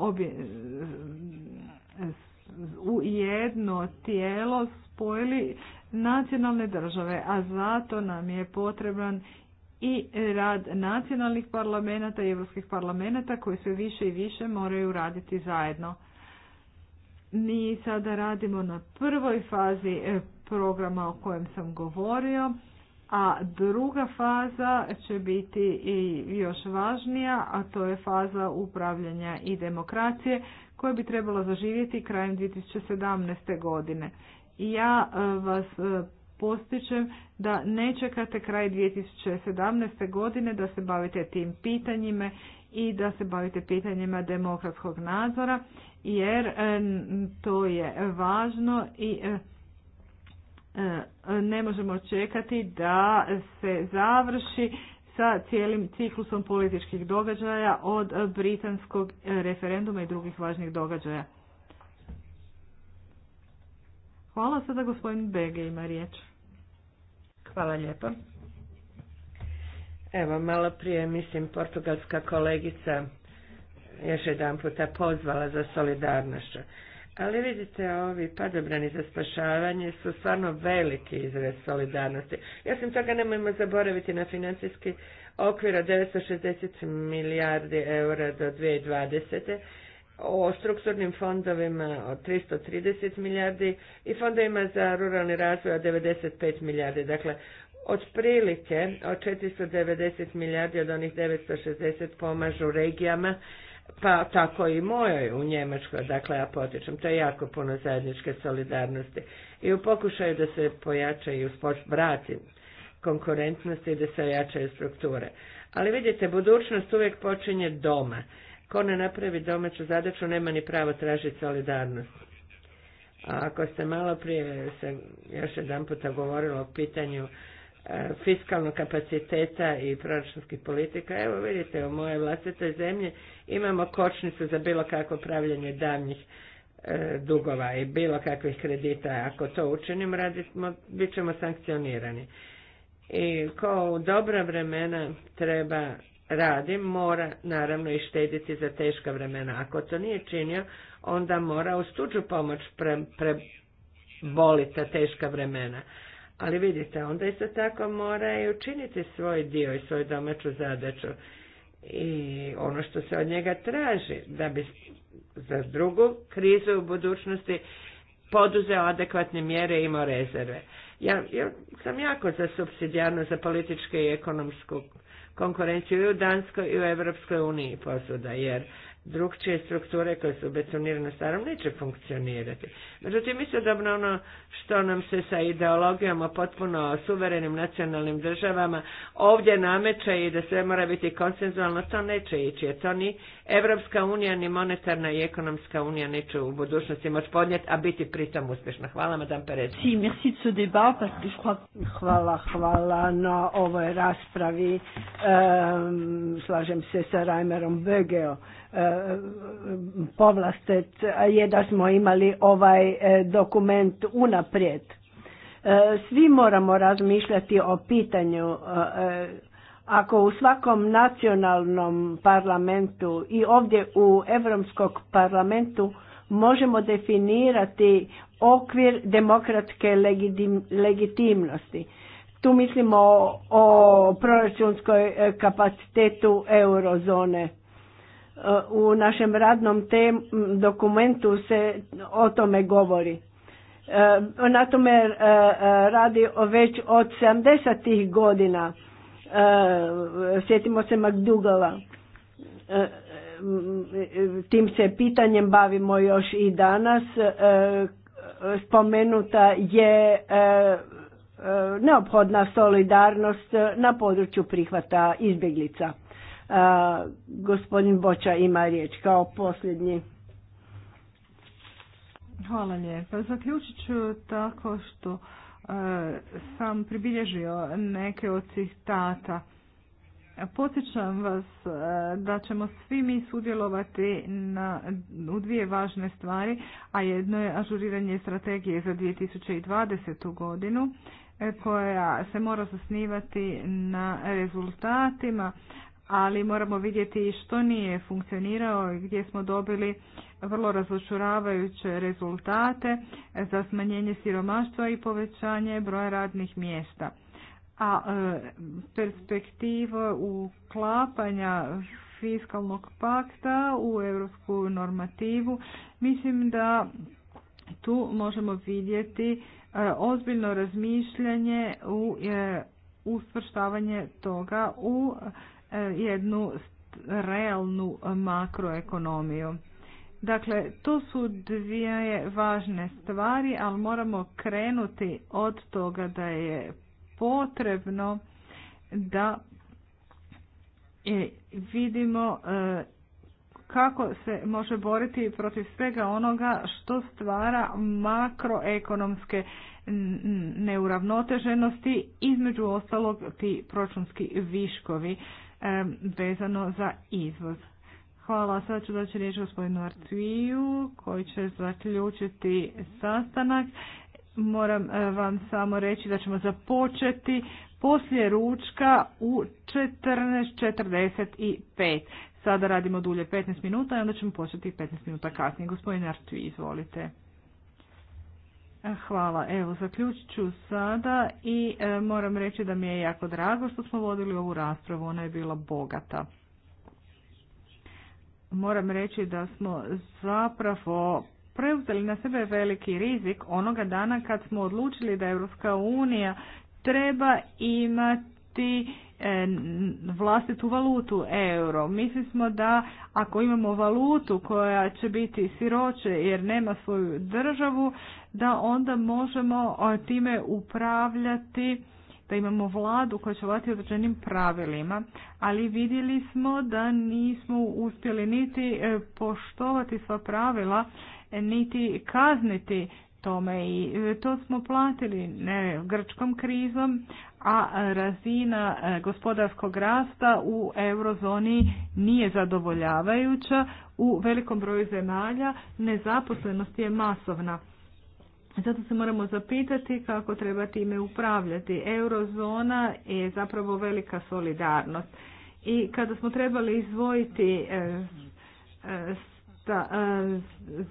u jedno tijelo spojili nacionalne države, a zato nam je potreban i rad nacionalnih parlamenta i europskih parlamenta koji sve više i više moraju raditi zajedno. Mi sada radimo na prvoj fazi e, programa o kojem sam govorio, a druga faza će biti i još važnija, a to je faza upravljanja i demokracije koja bi trebala zaživjeti krajem 2017. godine. Ja e, vas e, postičem da ne čekate kraj 2017. godine da se bavite tim pitanjima i da se bavite pitanjima demokratskog nadzora jer e, to je važno i e, e, ne možemo čekati da se završi sa cijelim ciklusom političkih događaja od britanskog referenduma i drugih važnih događaja. Hvala sada gospodin Bege ima riječ. Hvala lijepo. Evo, malo prije, mislim, portugalska kolegica još jedan puta pozvala za solidarnošću. Ali vidite, ovi padobrani za spašavanje su stvarno veliki izraz solidarnosti. Ja sam toga nemojmo zaboraviti na financijski okvir od 960 milijardi eura do 2020 o strukturnim fondovima od 330 milijardi i fondovima za ruralni razvoj od 95 milijardi. Dakle, otprilike od 490 milijardi od onih 960 pomažu regijama, pa tako i mojoj u Njemačkoj, dakle ja potičem, to je jako puno zajedničke solidarnosti. I u pokušaju da se pojača i vrati konkurentnosti i da se jačaju strukture. Ali vidite, budućnost uvijek počinje doma Ko ne napravi domaću zadaću, nema ni pravo tražiti solidarnost. A ako ste malo prije se još jedan puta govorilo o pitanju e, fiskalnog kapaciteta i proračunskih politika. Evo vidite, u moje vlastitoj zemlji imamo kočnicu za bilo kakvo pravljanje davnjih e, dugova i bilo kakvih kredita. Ako to učinimo, radimo, bit ćemo sankcionirani. I ko u dobra vremena treba radi, mora naravno i štediti za teška vremena. Ako to nije činio, onda mora uz tuđu pomoć preboliti pre ta teška vremena. Ali vidite, onda isto tako mora i učiniti svoj dio i svoju domaću zadaću i ono što se od njega traži da bi za drugu krizu u budućnosti poduzeo adekvatne mjere i imao rezerve. Ja, sam jako za subsidijarno, za političku i ekonomsku konkurenciju i u Danskoj i u Europskoj uniji posuda, jer drugčije strukture koje su betonirane starom neće funkcionirati. Međutim, istodobno ono što nam se sa ideologijama potpuno suverenim nacionalnim državama ovdje nameće i da sve mora biti konsenzualno, to neće ići, jer to ni Evropska unija, ni monetarna i ekonomska unija neće u budućnosti moći podnijeti, a biti pritom uspješna. Hvala, madame Perez. Hvala, hvala na ovoj raspravi. slažem se sa Reimerom Begeo. E, povlastet je da smo imali ovaj e, dokument unaprijed. E, svi moramo razmišljati o pitanju ako u svakom nacionalnom parlamentu i ovdje u Europskom parlamentu možemo definirati okvir demokratske legitimnosti. Tu mislimo o proračunskoj kapacitetu eurozone u našem radnom dokumentu se o tome govori. E, na tome e, radi već od 70-ih godina. E, sjetimo se McDougala. Tim se pitanjem bavimo još i danas. Spomenuta je neophodna solidarnost na području prihvata izbjeglica. A, gospodin Boča ima riječ kao posljednji. Hvala lijepa. Zaključit ću tako što e, sam pribilježio neke od citata. Podsjećam vas e, da ćemo svi mi sudjelovati na, u dvije važne stvari, a jedno je ažuriranje strategije za 2020. godinu e, koja se mora zasnivati na rezultatima ali moramo vidjeti što nije funkcionirao i gdje smo dobili vrlo razočuravajuće rezultate za smanjenje siromaštva i povećanje broja radnih mjesta. A e, perspektiva uklapanja fiskalnog pakta u europsku normativu, mislim da tu možemo vidjeti e, ozbiljno razmišljanje u e, usvrštavanje toga u jednu realnu makroekonomiju. Dakle, to su dvije važne stvari, ali moramo krenuti od toga da je potrebno da e, vidimo e, kako se može boriti protiv svega onoga što stvara makroekonomske neuravnoteženosti, između ostalog ti pročunski viškovi vezano za izvoz. Hvala, sad ću daći riječ gospodinu Artviju koji će zaključiti sastanak. Moram e, vam samo reći da ćemo započeti poslije ručka u 14.45. Sada radimo dulje 15 minuta i onda ćemo početi 15 minuta kasnije. Gospodin Artvi, izvolite. Hvala. Evo, zaključit ću sada i e, moram reći da mi je jako drago što smo vodili ovu raspravu. Ona je bila bogata. Moram reći da smo zapravo preuzeli na sebe veliki rizik onoga dana kad smo odlučili da Europska unija treba imati E, vlastitu valutu euro. Mislili smo da ako imamo valutu koja će biti siroče jer nema svoju državu, da onda možemo e, time upravljati da imamo vladu koja će vati određenim pravilima, ali vidjeli smo da nismo uspjeli niti e, poštovati sva pravila, niti kazniti tome i e, to smo platili ne, grčkom krizom, a razina e, gospodarskog rasta u eurozoni nije zadovoljavajuća. U velikom broju zemalja nezaposlenost je masovna. Zato se moramo zapitati kako treba time upravljati. Eurozona je zapravo velika solidarnost. I kada smo trebali izvojiti e, za, e,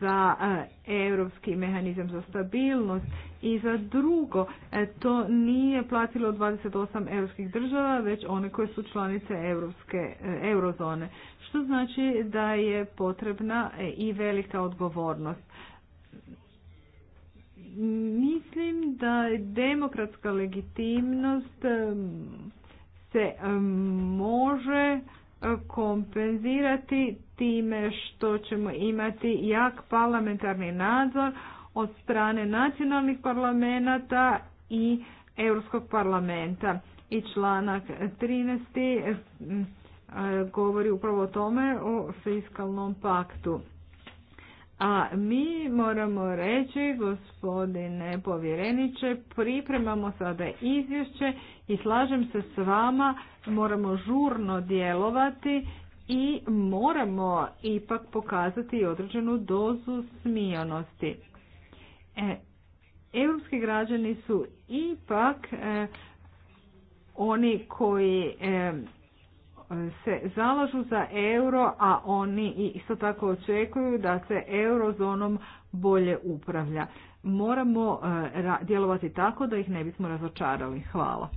za e, europski mehanizam za stabilnost i za drugo. E, to nije platilo 28 europskih država, već one koje su članice europske eurozone. Što znači da je potrebna i velika odgovornost. Mislim da demokratska legitimnost se može kompenzirati time što ćemo imati jak parlamentarni nadzor od strane nacionalnih parlamenta i Europskog parlamenta. I članak 13. Eh, govori upravo o tome o fiskalnom paktu. A mi moramo reći, gospodine povjereniče, pripremamo sada izvješće i slažem se s vama, moramo žurno djelovati i moramo ipak pokazati određenu dozu smijanosti. E, Europski građani su ipak e, oni koji e, se zalažu za euro, a oni isto tako očekuju da se eurozonom bolje upravlja. Moramo e, djelovati tako da ih ne bismo razočarali. Hvala.